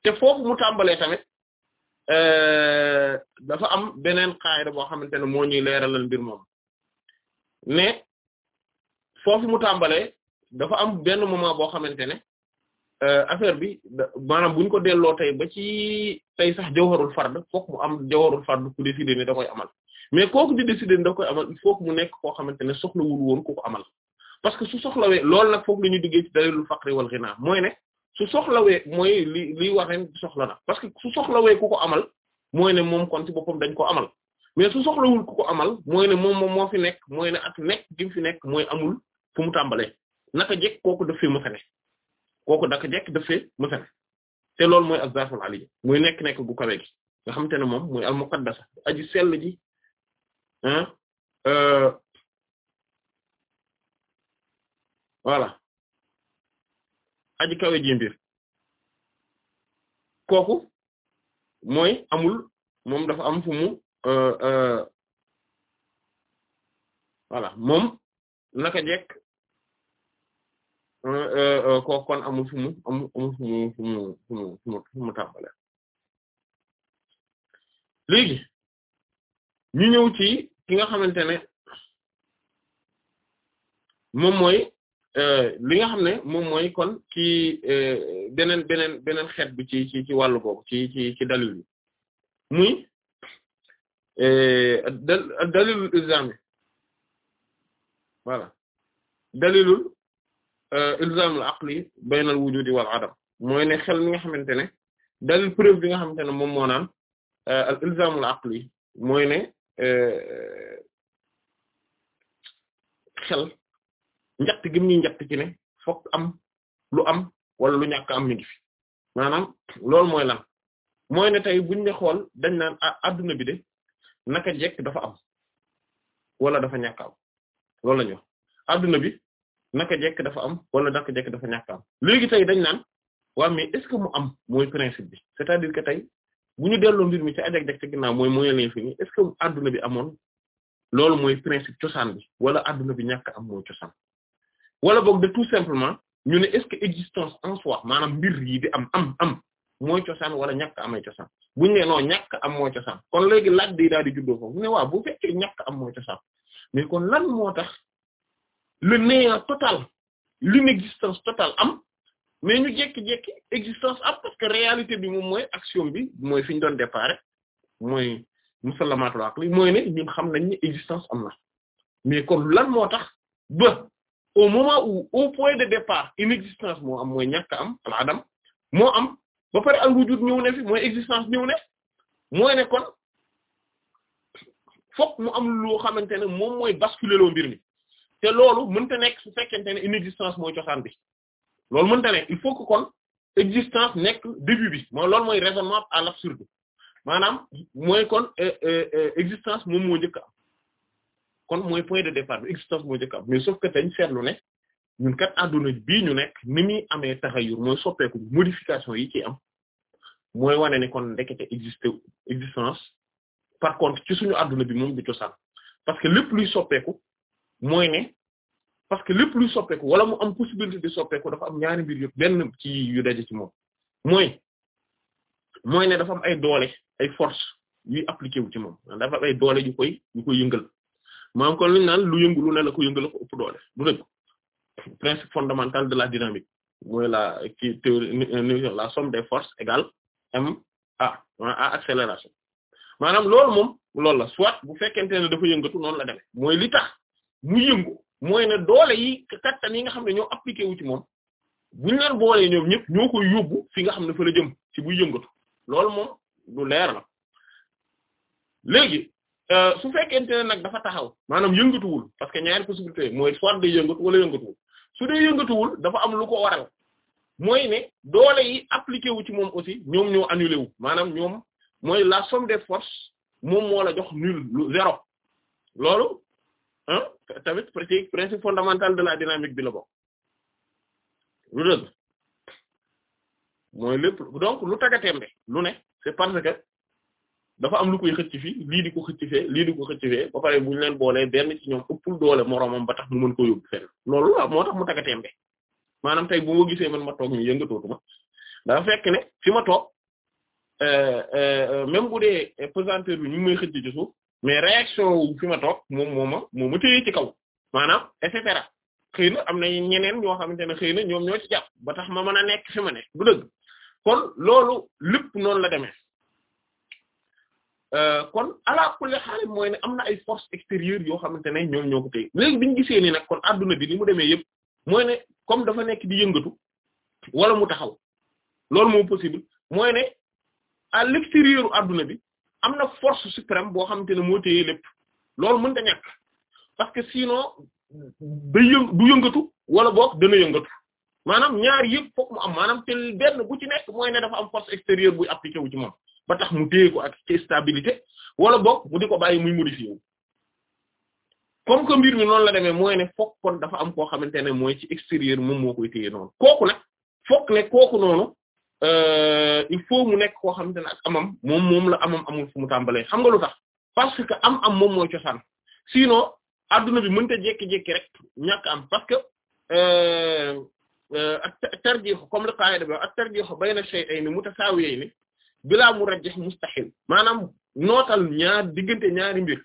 te foofu mu tàmbalee tamit euh, dafa am beneen xaayida boo xamante ne moo ñuy leeralal mbir moom ne foofu mu tàmbalee dafa am benn moment boo xamante ne euh, affaire bi maanaam buñ ko delloo tey ba ci tey sax jawharul fard fokk mu am jawharul fard ku décider ne da koy amal mais kooku di décider ne da koy amal il faut mu nekk koo xamante ne soxlawul woon ko amal parce que su soxlawee loolu nag foofu la ñuy duggee ci dalilul faqri wal ghina mooy ne su soxlawee mooy li liy waxeen soxla na parce que su soxlawee ku ko amal mooy ne moom kon ci dañ ko amal mais su soxlawul ku amal mooy ne moom moom moo fi nekk mooy ne ak nekk gi mu fi nekk mooy amul fu mu tàmbalee naka jekk kooku daf fee mësane kooku naka jekk daf fee mësane te loolu mooy azzatul ali muy nekk nekk gu kawe nga xam te ne moom mooy al muqaddasa aji sell ji ah voilà aji kawe ji mbir kooku mooy amul moom dafa am fu Euh, euh, voilà moom naka jekk euh, ko kon amul fu mu amul fu mu fu mu fu mu fu mu fu ñëw ci ki nga xamante ne moom mooy li nga xam ne moom mooy kon ci beneen beneen beneen xeet bi ci ci ci wàllu boobu ci ci dalil bi muy Eh, dalilul ilzami voilà dalilul eh, ilzamul aqli bayna al wujudi wal adam mooy ne xel mi nga xamante ne dalil preuve bi nga xamante ne moom moo naan eh, al ilzamul aqli mooy ne xel njatt gi mu ñuy am lu am wala lu ñàkk am mi ngi fi maanaam loolu mooy lan mooy ne tey buñ ne xool dañ naan ah adduna bi naka jekk dafa am wala dafa ñàkk am loolu la adduna bi naka jekk dafa am wala naka jekk dafa ñàkk am léegi tey dañ naan waa mais est mu am mooy principe bi c'est-à-dire que tey bu ñu delloo mbir mi ci ajak jak ci ginnaaw mooy mooy fi est-ce que adduna bi amoon loolu mooy principe cosaan bi wala adduna bi ñàkk am mooy cosaan wala boog de tout simplement ñu ne est existence en soi maanaam mbir yi di am am am mooy cosaan wala ñàkk amay cosaan buñu nee non ñàkk am mooy cosaan kon léegi laaj day daal di juddoo foofu bu ne fekkee ñàkk am mooy cosaan mais kon lan moo tax le néant total l'inexistence totale am mais ñu jékki-jékki existence am parce que réalité bi moom mooy action bi mooy fiñ ñu doon départ mooy musallamatul li mooy ne ñun xam na ne existence am na mais kon lan moo tax ba au moment où au point de départ inexistence moo am mooy ñàkk am al moo am ba pare al wujud ñëw ne fi mooy existence ñëw ne mooy ne kon fokk mu am loo xamante ne moom mooy basculer loo te loolu mënta nekk su fekkente ne inexistence mooy cosaan bi loolu mënta ne il faut que kon existence nekk début bi mooy loolu mooy raisonnement à l'absurde maanaam mooy kon euh, euh, euh, existence moom moo njëkk am kon mooy point de départ bi existence moo jëkk am mais sauf que dañ seetlu ne ñun kat àdduna bii ñu nekk ni muy amee taxayur mooy soppeeku modification yi ci am mooy wane ni kon ndekete existe existence par contre ci suñu adduna bi moom du cosaan parce que lépp luy soppeeku mooy ne parce que lépp luy soppeeku wala mu am possibilité de soppeeku dafa am ñaari mbir yu benn ci yu daje ci moom mooy mooy ne dafa am ay doole ay force yuy appliqué wu ci moom dafa am ay doole yu koy yu koy yëngal maanaam kon liñu naan lu yëngu lu ne la ko yëngal ko ëpp doole du dëgg principe fondamental de la dynamique mooy la kii théorie la somme des forces égale am ah, ah ah accélération maanaam loolu moom loolu la soit bu fekkente ne dafa yëngatu noonu la demee mooy li tax mu yëngu mooy ne doole yi kattan yi nga xam ne ñoo appliqué wu ci moom buñ leen boolee ñoom ñëpp ñoo koy yóbbu fi nga xam ne fa jëm ci buy yëngatu loolu moom lu leer la léegi euh, su fekkente ne nag dafa taxaw maanaam yëngatuwul parce que ñaari possibilité mooy soit day wala yëngatuwul dafa am lu waral mooy ne doole yi appliqué ci moom aussi ñoom ñoo annulé wu maanaam ñoom mooy la somme des forces moom moo la jox nul zéro loolu ah tamit pratique principe fondamental de la dynamique bi la bokk lu dëgg mooy lépp donc lu tagateem de lu ne c'est parce que dafa am lu koy xëcc fii lii di ko xëcc fee lii di ko xëcc fee ba pare bu ñu leen boolee benn ci ñoom ëppul doole moroomam ba tax mu mën ko yóbbu fenn loolu waaw moo tax mu tagateem maanaam tey bu ma gisee man ma toog ñu yëngatootuma daa fekk ne fi ma toog euh, euh, euh, même bu dee pesanteur bi ñu ngi may xëcc ci suuf mais réaction wu fi ma toog moom moo ma moo ma téye ci kaw maanaam et cetera xëy na am na ñeneen ñoo xamante ne xëy na ñoom ñoo ci ba tax ma mën a nekk fi ma ne bu dëgg kon loolu lépp noonu la demee kon ala kulli xaalis mooy ne am na ay forces extérieures yoo xamante ne ñoom ñoo ko téye bi ñu gisee nii nag kon adduna bi ni mu demee yëpp mooy ne comme dafa nekk di yëngatu wala mu taxaw loolu moo possible mooy ne a l'extérieur adduna bi am na force suprême boo xamante ne moo téye lépp loolu mënta ñàkk parce que sinon da yëng du yëngatu wala boog dana yëngatu maanaam ñaar yëpp fokk mu am maanaam te benn bu ne nekk mooy ne dafa am force extérieure buy appliqué wu moom ba tax mu téye ko ak stabilité wala boog mu di ko bàyyi muy modifié wu comme que mbir mi noonu la demee mooy ne fokk kon dafa am koo xamante ne mooy ci extérieur moom moo koy téye noonu kooku nag fokk ne kooku noonu euh, il faut mu nekk koo xamante ne ak amam moom moom la amam amul fu mu tàmbalee xam nga lu tax parce que am am moom mooy cosaan sinon adduna bi mënta jékki-jékki rek ñàkk am parce que euh, euh, ak tarjih comme le qaida bi ak tarjih bayna shay'ayn mutasaawiyayn bilaa murajjih mustahil maanaam nootal ñaar diggante ñaari mbir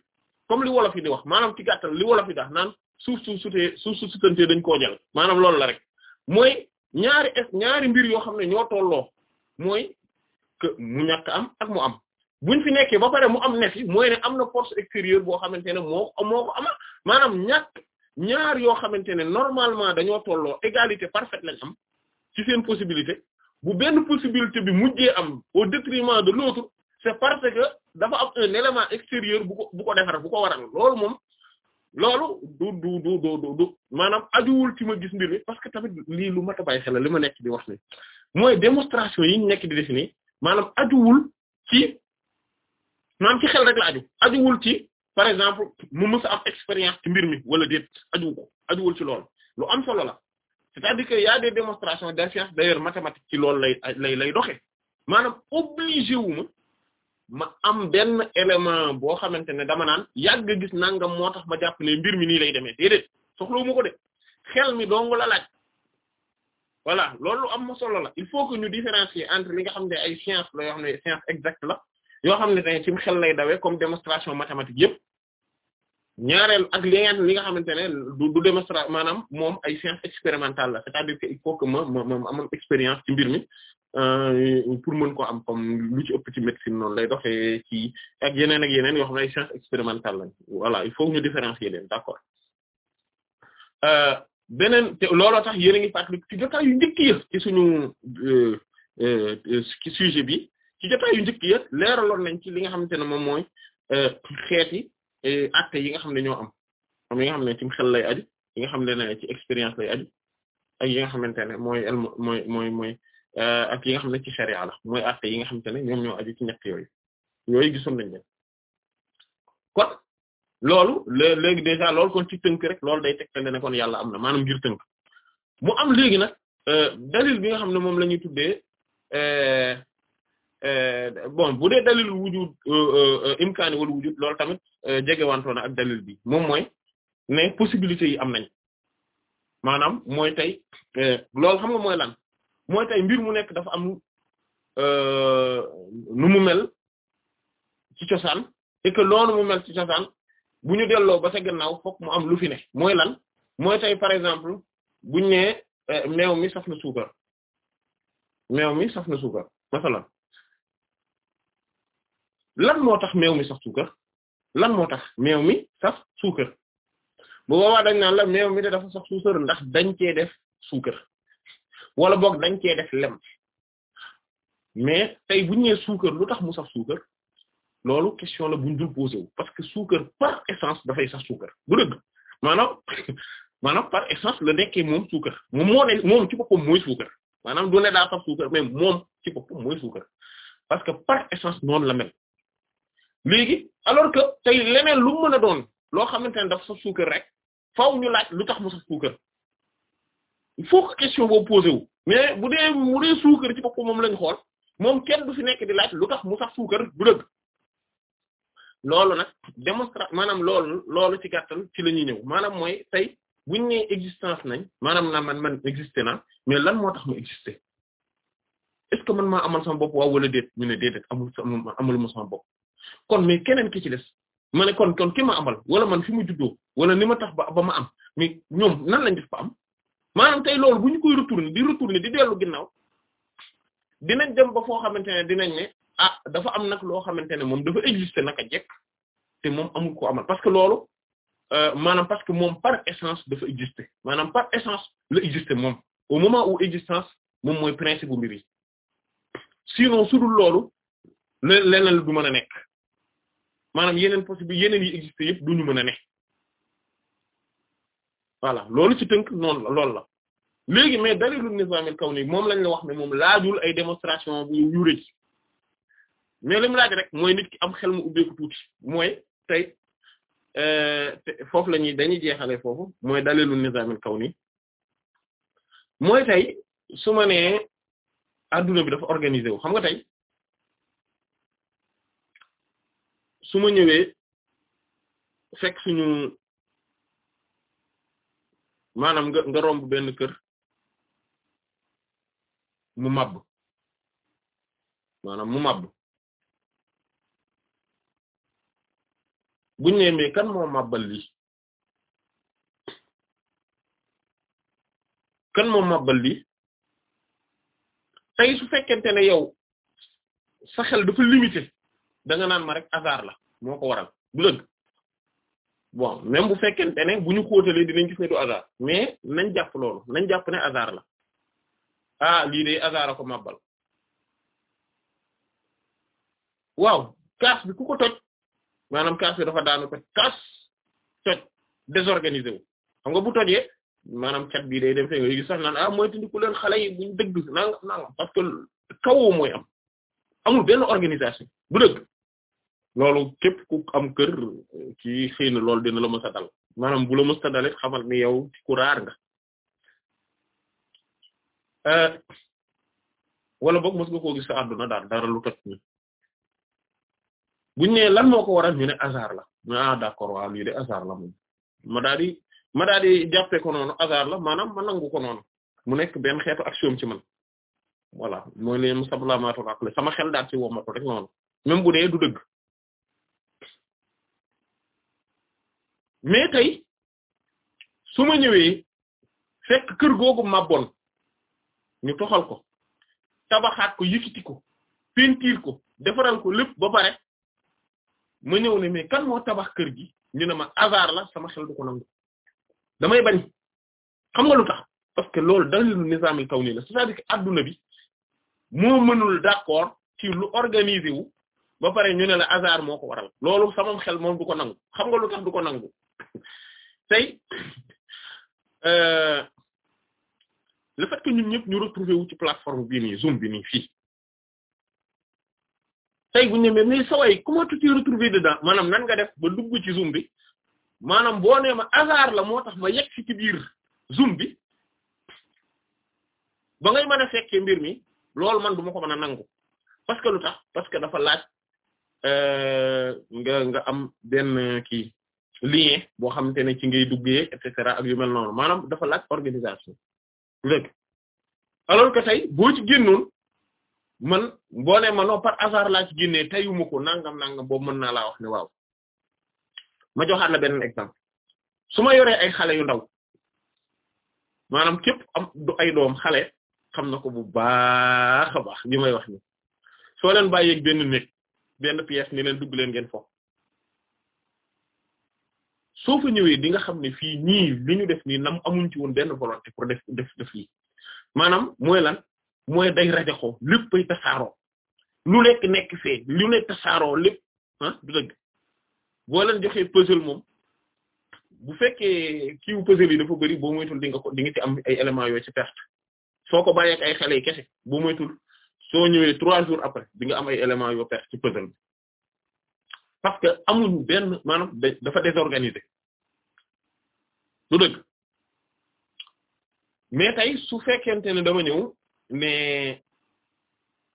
comme li wolof yi di wax maanaam ci gàttal li wolof yi dax naan suuf su sutee suuf su sutantee dañ koo jël maanaam loolu la rek mooy ñaari ñaari mbir yoo xam ne ñoo tolloo mooy que mu ñàkk am ak mu am buñ fi nekkee ba pare mu am nefi mooy ne am na force extérieure boo xamante ne moo moo ko amal maanaam ñàkk ñaar yoo xamante ne normalement dañoo tolloo égalité parfaite lañ am ci seen possibilité bu benn possibilité bi mujjee am au détriment de l'autre c'est parce que dafa am un élément extérieur bu ko bu ko defar bu ko waral loolu moom loolu du du du du du maanaam ajuwul ci ma gis mbir mi parce que tamit lii lu mat a bàyyi xel li ma nekk di wax ni mooy démonstration yi ñu nekk di def ni maanaam ajuwul ci maanaam ci xel rek la aju ajuwul ci par exemple mu mës a am expérience ci mbir mi wala déet ajuwu ko ajuwul ci lool lu am solo la c'est-à-dire que y a des démonstrations d'influence d'ailleurs mathématique ci loolu lay lay lay doxee maanaam obligé wu ma ma am benn élément boo xamante ne dama naan yàgg gis nangam moo tax ma jàpp ne mbir mi nii lay demee déedéet soxlawu ma ko de xel mi dong la laaj voilà loolu am ma solo la il faut que ñu différencier entre li nga xam ne ay science la xam ne science exacte la yoo xam ne tey xel lay dawee comme démonstration mathématique yëpp ñaareel ak léegeen li nga xamante ne du du démonstration maanaam moom ay science expérimentale la c'est-à-dire que il faut que ma ma ma amoon expérience ci mbir mi Euh, pour mën ko am comme lu ci médecine noonu lay doxee ci ak yeneen ak yeneen yoo xam ne ay sciences expérimentales lañ voilà il faut ñu euh, tax yéen a ngi fàttali ci jotaay yu njëkk yi ci suñu euh, ci bi ci jotaay yu njëkk yi leeraloon nañ ci li nga xamante ne moom mooy xeeti acte yi nga xam ne ñoo am am yi nga xam ne ci xel lay aju yi nga xam ne ci expérience lay aju ak yi nga xamante ne mooy mooy mooy mooy Euh, ak yi nga xam ne ci sharia la mooy àtte yi nga xamante ne ñoom ñoo aju ci ñett yooyu yooyu gisoon nañ leen kon loolu léegi déjà loolu kon ci tënk rek loolu day tegtale ne kon yàlla am na maanaam ngir tënk mu am léegi nag euh, dalil bi nga xam ne moom la ñuy tuddee euh, bon bu dee dalil wujud imkaani wala wujud loolu tamit jegewantoo na ak dalil bi moom mooy ne possibilités yi am nañ maanaam mooy tey loolu xam nga mooy mooy tey mbir mu nekk dafa am euh, nu mu mel ci cosaan et que loolu mu mel ci cosaan bu ñu delloo ba sa gannaaw fokk mu am lu fi mooy lan mooy tey par exemple buñ ne eh, meew mi saf na suukar meew mi saf na suukar masalan lan moo tax meew mi saf suukar lan moo tax meew mi saf suukar bu boobaa dañ naan la meew mi de dafa saf suukar ndax dañ cee def suukar wala boog dañ cee def lem mais tey bu ñu nee suukar lu tax mu sax suukar loolu question la bu ñu dul posé parce que suukar par essence dafay sax suukar bu dëgg maanaam [laughs] maanaam par essence la nekkee moom suukar moom moo moom ci boppam mooy suukar maanaam du ne daa sax suukar mais moom ci boppam mooy suukar parce que par essence noonu la mel léegi alors que tey leneen lu mën a doon loo xamante ne dafa sax suukar rek faaw ñu laaj lu tax mu sax suukar il faut question boobu posé wu mais bu dee mu dee suukar ci boppam moom lañ xool moom kenn bu fi nekk di laaj lu tax mu sax suukar du dëgg loolu nag démonstra maanaam loolu loolu ci gàttal ci la ñuy ñëw maanaam mooy tey buñ nee existence nañ maanaam na man man existé na mais lan moo tax mu existé est-ce que man maa amal sama bopp wala déet ñu ne déedéet amul amul ma sama bopp kon mais keneen ki ci des ma ne kon kon ki ma amal wala man fi mu juddoo wala ni ma tax ba ba ma am ñoom nan lañ am maanaam tey loolu bu ñu koy retourner di retourner di dellu ginnaaw dinañ dem ba foo xamante ne dinañ ne ah dafa am nag loo xamante ne moom dafa exister naka jekk te moom amul ko amal parce que loolu euh, maanaam parce que moom par essence dafa exister maanaam par essence la exister moom au moment où existence moom mooy principe bu mbir yi sinon su dul loolu le la du mën a nekk maanaam yeneen possible yeneen yi exister yëpp du ñu mën a nekk voilà loolu ci tënk noonu la loolu la léegi mais dalilul nizamil kawni moom lañ la wax ne moom laajul ay démonstration bu yuré ci mais li laaj rek mooy nit am xel mu ubbeeku tuuti mooy tey euh, foofu la ñuy dañuy jeexale foofu mooy dalilul nizamil kawni mooy tey su ma nee àdduna bi dafa organisé wu xam nga tey su ma ñëwee fekk suñu maanaam nga romb benn kër mu màbb maanaam mu màbb buñ ne mais kan moo màbbal lii kan moo màbbal lii tey su fekkente ne yow sa xel dafa limité da naan ma rek hasard moo ko waral du dëgg bon même bu fekkente ne bu ñu xóotalee dinañ gis ne du hasard nañ jàpp loolu nañ jàpp ne hasard la ah lii de hasard a ko màbbal waaw kaas bi ku ko toj maanaam kaas bi dafa daanu ko kaas toj désorganisé wu xam nga bu tojee maanaam cat bii day dem fee nga gis sax naan ah mooy tindi ku leen xale yi buñ dëgg nangam nangam parce que kaw mooy am amul benn organisation bu dëgg loolu képp ku am kër ci xëy na loolu dina la mës a dal maanaam bu la mës a dalee xamal ni yow ci ku raar nga euh, wala boog mës nga koo gis sa àdduna daal dara lu toj ni buñu nee lan moo ko waral ñu ne la ah lii de hasard la moom ma daal ma noonu hasard la maanaam ma nangu ko noonu mu nekk benn xeetu action ci man voilà mooy leen sabla maatoon ak sama xel daal ci womatu rek noonu même bu du dëgg mais tey su ma ñëwee fekk kër googu mabboon ñu toxal ko tabaxaat ko yëkkati ko pentiir ko defaral ko lépp ba pare ma ñëw ne mais kan moo tabax kër gi ñu ne ma hasard la sama xel du ko nangu damay bañ xam nga lu tax parce que loolu dalilu nizaamil kawni la c'est-à-dire que adduna bi moo mënul d'accord ci lu organisé wu ba pare ñu ne la hasard moo ko waral loolu sama xel moom du ko nangu xam nga lu tax du ko nangu tey euh, le fait que ñun ñëpp ñu retrouver ci plateforme bii nii Zoom bi nii fii tey bu ñu demee mais sa way comment tu t'es retrouvé dedans maanaam nan nga def ba dugg ci Zoom bi maanaam boo nee ma moo tax ma yegg ci ci biir Zoom bi ba ngay mën a fekkee mbir mi loolu man du ma ko mën a nangu parce que lu tax parce que dafa laaj euh, nga nga am benn kii lien boo xamante ne ci ngay duggee et cetera ak yu mel noonu maanaam dafa laaj organisation dëgg alors que tey boo ci génnoon man boo ne ma par hasard laa ci génnee teyuma ko nangam nangam boobu mën naa laa wax ne waaw ma joxaat la beneen exemple su ma yoree ay xale yu ndaw maanaam képp ay doom xale xam na ko bu baax a baax li may wax ni soo leen bàyyeeg benn néeg benn pièce ni leen dugg leen ngeen foofu soo fa ñëwee di nga xam ne fii ñii li ñu def nii nam amuñ ci woon benn volonté pour def def def lii maanaam mooy lan mooy day rajaxoo léppay tasaaroo lu nekk nekk fee lu nekk tasaaroo lépp ah du dëgg boo leen joxee puzzle moom bu fekkee kiiw puzzle yi dafa bari boo moytul di nga ko di nga ci am ay éléments yooyu ci perte soo ko bàyyeek ay xale yi kese boo moytul soo ñëwee trois jours après di nga am ay éléments yoo perte ci puzzle parce que amuñ benn maanaam dafa désorganisé du dëgg mais tey su fekkente ne dama ñëw mais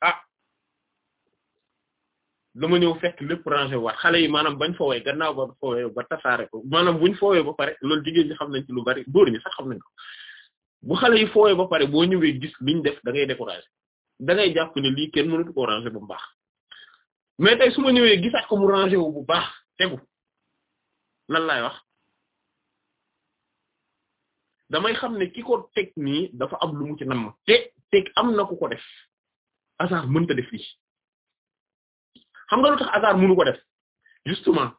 ah dama ñëw fekk lépp rangé waat xale yi maanaam bañ foowee gannaaw ba foowee ba tasaare ko maanaam buñ foowee ba pare loolu jigéen ñi xam nañ ci lu bari góor ñi sax xam nañ ko bu xale yi foowee ba pare boo ñëwee gis liñ def da ngay décourager da ngay jàpp ne lii kenn mënatu ko rangé ba mu baax mais tey su ma ñëwee gisaat ko mu rangé wu bu baax tegu lan laay wax damay xam ne ki ko teg nii dafa am lu mu ci ma te teg am na ko def hasard mënta def nga lu tax hasard mënu ko def justement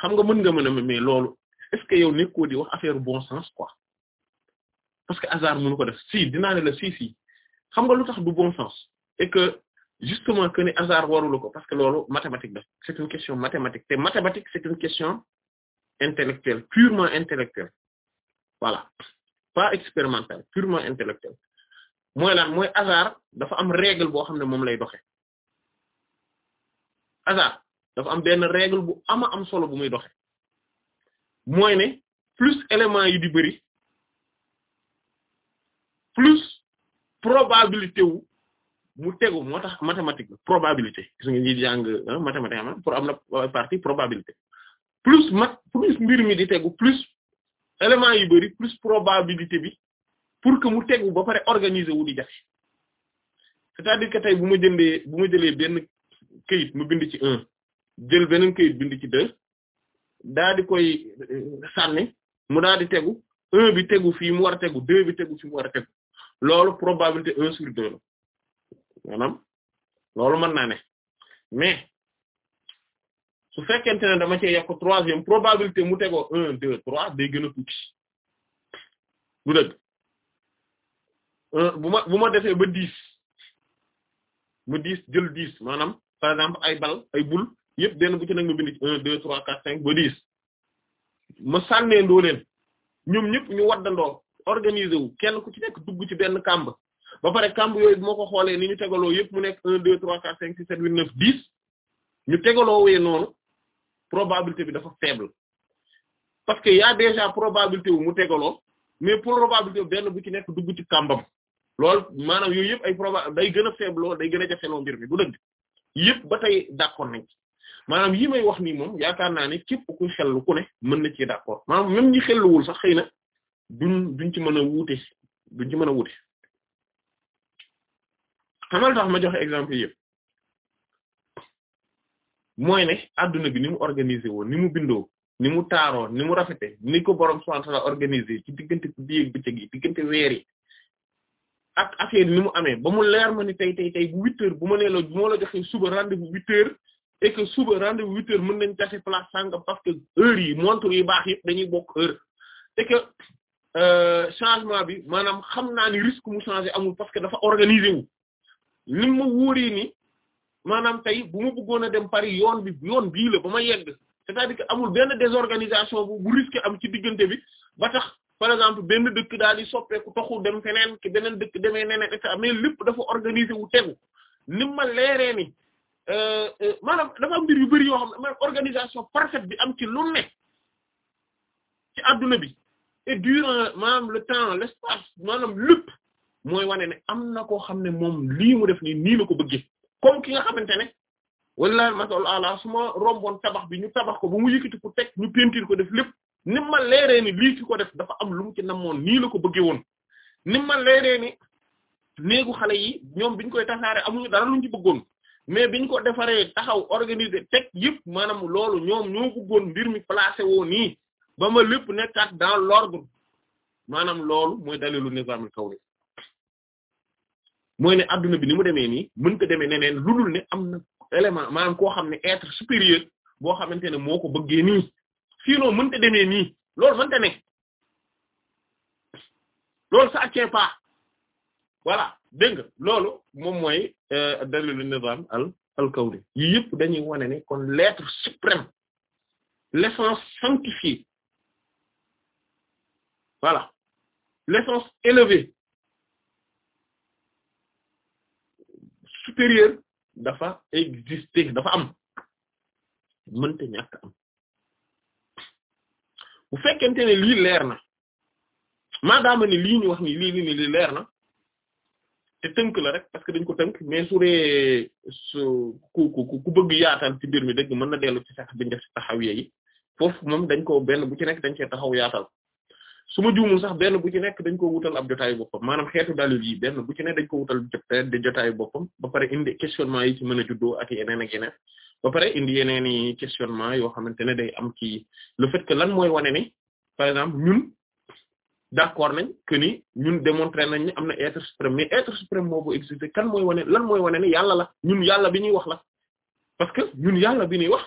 xam nga mën nga mën a mais loolu est-ce que yow nekkoo di wax affaire bon sens quoi parce que hasard mënu ko def si dinaa ne la si si xam nga lu tax du bon sens et que justement que ni hasard warulu ko parce que loolu mathématique la c'est une question mathématique te mathématique c'est une question intellectuelle purement intellectuelle voilà pas expérimentale purement intellectuelle mooy lan mooy hasard dafa am régle boo xam ne moom lay doxe hasard dafa am benn règle bu ama am solo bu muy doxe mooy ne plus éléments yi di bari plus probabilité wu mu tegu moo tax mathématique probabilité gis nga ñi jàng ah, mathématique am ah, pour am na euh, partie probabilité plus mat plus mbir mi di tegu plus élément yu bari plus probabilité bi pour que mu tegu ba pare organiser wu di jafe cest ka dire que tey bu ma jëndee bu ma jëlee benn kayit mu bind ci un jël beneen kayit bind ci deux daa di koy euh, sànni mu daa di tegu un bi tegu fii mu war a tegu deux bi tegu fi mu war a tegu loolu probabilité un sur deux maanaam loolu mën naa ne mais su fekkente ne dama cee yokk troisième probabilité mu tegoo un deux trois day gën du dëgg bu ma bu ma defee ba dix mu dix jël dix maanaam par exemple ay bal ay bul yëpp denn bu ci nag ma bind ci un deux trois quatre cinq ba dix ma sànnee ndoo leen ñoom ñëpp ñu waddandoo organiser wu kenn ku ci nekk dugg ci benn kàmb ba pare kamb yooyu moo ko xoolee ni ñu tegaloo yëpp mu nekk un deux trois quatre cinq six sept huit neuf dix ñu tegaloo wee noonu probabilité bi dafa faible parce que y a déjà probabilité wu mu tegaloo mais probabilité benn bu ci nekk dugg ci kàmbam lool maanaam yooy yëpp ay proba day gën a faible lool day gën a jafeloo mbir mi bu dëgg yëpp ba tey d'accord nañ maanaam yi may wax nii moom yaakaar naa ne képp ku xellu ku ne mën na ci d'accord maanaam même ñi xelluwul sax xëy na duñ duñ ci mën a wuute duñ ci mën a wuute xamal tax ma joxe exemple yëpp mooy ne adduna bi ni mu organisé woon ni mu bindoo ni mu taaroo ni mu rafete ni ko borom subhanahu wa ta'ala organisé ci diggante bi ak bëccëg yi diggante weer yi ak affaire ni mu amee ba mu leer ma ni tey tey tey bu huit bu ma nee la la joxee suba rendez-vous huit heures et que suba rendez-vous huit heures mën nañ tase place sàngam parce que heure yi montre yi baax yëpp dañuy bokk heure et que euh, changement bi maanaam xam naa ni risque mu changer amul parce que dafa organisé wu ni ma wóoree ni maanaam tey bu ma bëggoon a dem Paris yoon bi yoon bii la ba ma yegg c'est-à-dire que amul benn désorganisation bu bu risqué am ci diggante bi ba tax par exemple benn dëkk daal di soppeeku taxu dem feneen ki beneen dëkk demee neneen et mais lépp dafa organisé wu tegu ni ma leeree ni euh, euh, maanaam dafa am mbir yu bari yoo xam ne maanaam organisation parfaite bi am ci lu ne ci adduna bi et durant maanaam le temps l'espace maanaam lépp mooy wane ne am na koo xam ne moom lii mu def nii nii la ko bëggee comme ki nga xamante ne wala masal ala su ma romboon tabax bi ñu tabax ko ba mu yëkkati ko teg ñu pentiir ko def lépp ni ma leeree ni lii ko def dafa am lu mu ci namoon nii la ko bëggee woon ni ma leeree ni néegu xale yi ñoom biñ koy tasaare amuñu dara luñ ci bëggoon mais biñ ko defaree taxaw organiser teg yëpp maanaam loolu ñoom ñoo bëggoon mbir mi placé woo nii ba ma lépp nekkaat dans l'ordre maanaam loolu mooy dalilu nizamul kawni mooy ne adduna bi ni mu demee nii mënta demee neneen lu dul ne am na élément maanaam koo xam ne être supérieur boo xamante ne moo ko bëggee nii sinon mënta demee nii loolu mënta ne loolu ça tient pas voilà dégg loolu moom mooy euh, dalilu nizam al al kawni yi yëpp dañuy wane ne kon l'être suprême l'essence sanctifiée voilà l'essence élevée extérieur dafa exister dafa am mënta ñàkk am bu fekkente ne lii leer na maadaama ne lii ñu wax ni lii ni lii leer na te tënk la rek parce que dañ ko tënk mais su dee su ku ku ku bëgg yaatal ci mbir mi dëgg mën na dellu ci sax biñ ci taxaw yi foofu moom dañ ko benn bu ci nekk dañ cee taxaw yaatal suma ma juumul sax benn bu dañ ko wutal ab jotaayu boppam maanaam xeetu dalil yi benn bu dañ ko wutal jotaayu boppam ba pare indi questionnement yi mën a juddoo ak yeneen ak ba pare indi yeneen i questionnement yoo xamante ne day am ki le fait que lan mooy wane ni par exemple ñun d'accord nañ que ni ñun démontrer nañ ni am na être mi mais être suprême moo bu kan mooy wane lan mooy wane ni yàlla la ñun yàlla bi ñuy wax la parce que ñun yàlla bi ñuy wax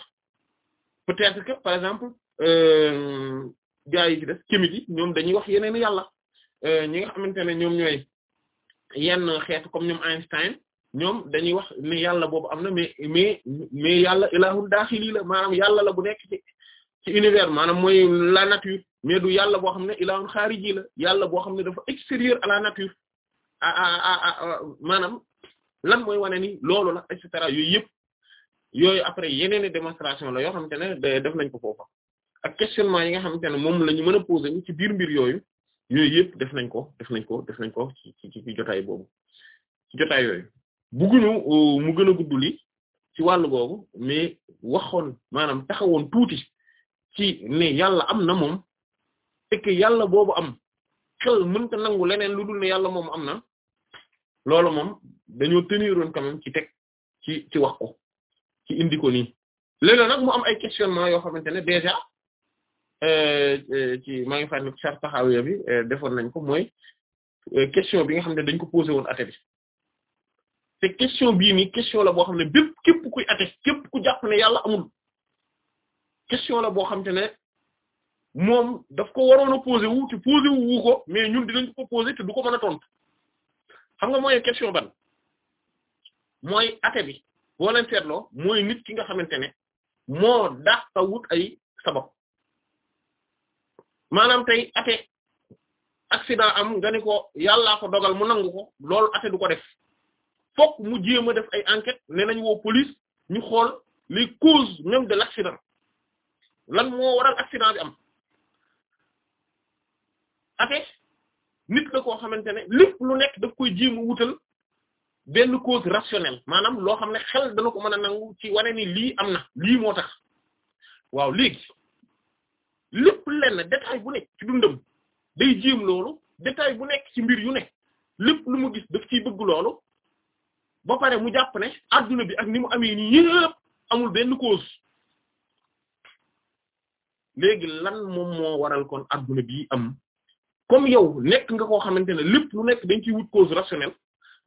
peut-être que par exemple. Euh, gaa yi ci def kémit ñoom dañuy wax yeneen yàlla euh, ñi nga xamante ne ñoom ñooy yenn xeet comme ñoom Einstein ñoom dañuy wax ne yàlla boobu am na mais mais yàlla ilahul daaxili la maanaam yàlla la bu nekk ci maanaam mooy la mais du yàlla boo xam ne ilahul xaariji la yàlla boo xam ne dafa extérieur à la nature a a lan mooy wane ni loolu la et cetera yooyu yëpp yooyu après yeneen i démonstration la yoo xamante ne def nañ ko foofa a questionnement yi nga xamante ne moom la ñu mën a poser wu ci biir mbir yooyu yooyu yëpp def nañ ko def nañ ko def nañ ko ci ci ci jotaay boobu ci jotaay yooyu bëgguñu euh, mu gën a gudd lii ci wàllu googu mais waxoon maanaam taxawoon tuuti ci ne yàlla am na moom fekk yàlla boobu am xel mënta nangu leneen lu dul ne yàlla moom am na loolu moom dañoo teniroon quand même ci teg ci ci wax ko ci indi ko nii léeg mu am ay questionnement yoo xamante ne déjà Euh, euh, ci maa ngi fàttali charte bi euh, defoon nañ ko mooy question bi nga xam ne dañ ko posé woon athée bi te question bii nii question la boo xam ne bépp képp kuy athée képp ku jàpp ne yàlla amul question la boo xam te ne moom daf ko waroon a posé wu te posé wu wu ko mais ñun dinañ ko posé te du ko mën a tontu xam nga mooy question ban mooy athée bi boo leen seetloo mooy nit ki nga xamante ne moo dàq wut ay sabab. maanaam tey ate accident am nga ni yàlla yàllaa ko dogal mu nangu ko lool ate du ko def fokk mu jéem a def ay enquête ne nañ woo police ñu xool les causes même de l'accident lan moo waral accident bi am ate nit la koo xamante ne lépp lu nekk daf koy jéem a wutal benn cause rationnelle maanaam loo xam ne xel dana ko mën a nangu ci wane ni lii am na lii moo tax waaw léegi lépp lenn détail bu nekk ci dundam day jéem loolu détail bu nekk ci mbir yu nekk lépp lu ma gis daf ciy bëgg loolu ba pare mu jàpp ne adduna bi ak ni mu amee nii yëpp amul benn cause léegi lan moom moo waral kon adduna bi am comme yow nekk nga koo xamante ne lépp lu nekk dañ ciy wut cause rationnelle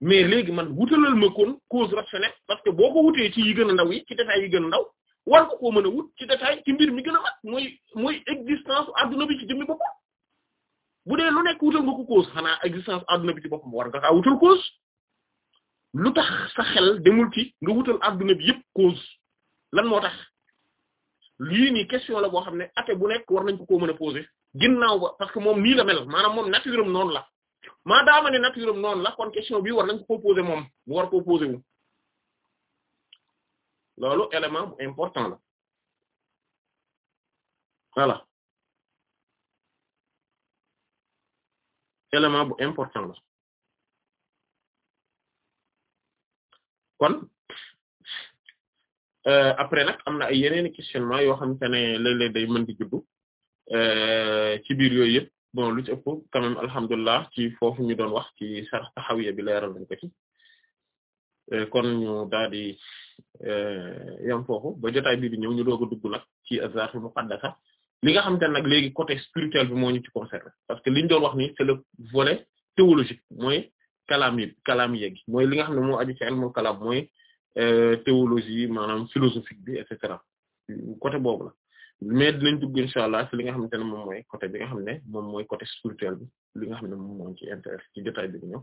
mais léegi man wutalal ma kon cause rationnelle parce que boo ko wutee ci yi gën a ndaw yi ci détail yi gën ndaw war nga koo mën a wut ci détail ci mbir mi gën a mat mooy mooy existence adduna bi ci jëmmi boppam bu dee lu nekk wutal nga ko cause xanaa existence adduna bi ci boppam war nga kaa wutal cause lu tax sa xel demul ci nga wutal adduna bi yëpp cause lan moo tax lii nii question la boo xam ne ate bu nekk war nañ ko koo mën a poser ginnaaw ba parce que moom nii la mel maanaam moom nature noon noonu la maadaama ne nature am la kon question bi war nañ ko koo poser moom mu war koo poser wu loolu élément bu important la voilà élément bu important la kon euh, après nag am na ay yeneen questionnement yoo xamante ne léeg day mën di juddu euh, ci biir yooyu yëpp bon lu ci ëpp quand alhamdulilah ci foofu ñu doon wax ci sarx taxawiya bi leeral nañ ko ci euh, kon ñu daal Euh, yam foofu ba jotaay bii di ñëw ñu doog a dugg nag ci azaatul muqaddasa li nga xamante ne nag léegi côté spirituel bi moo ñu ci concerné parce que li ñu doon wax ni c'est le volet théologique mooy kalaam yi kalaam yeegi mooy nga xam ne moo aju kalaam mooy euh, théologie maanaam philosophique bi et cetera côté boobu la mais dinañ dugg incha allah ci li nga xamante ne moom mooy côté bi nga xam ne moom moy côté spirituel bi li nga xam ne moom moo ci intérêt ci jotaay bi di ñëw.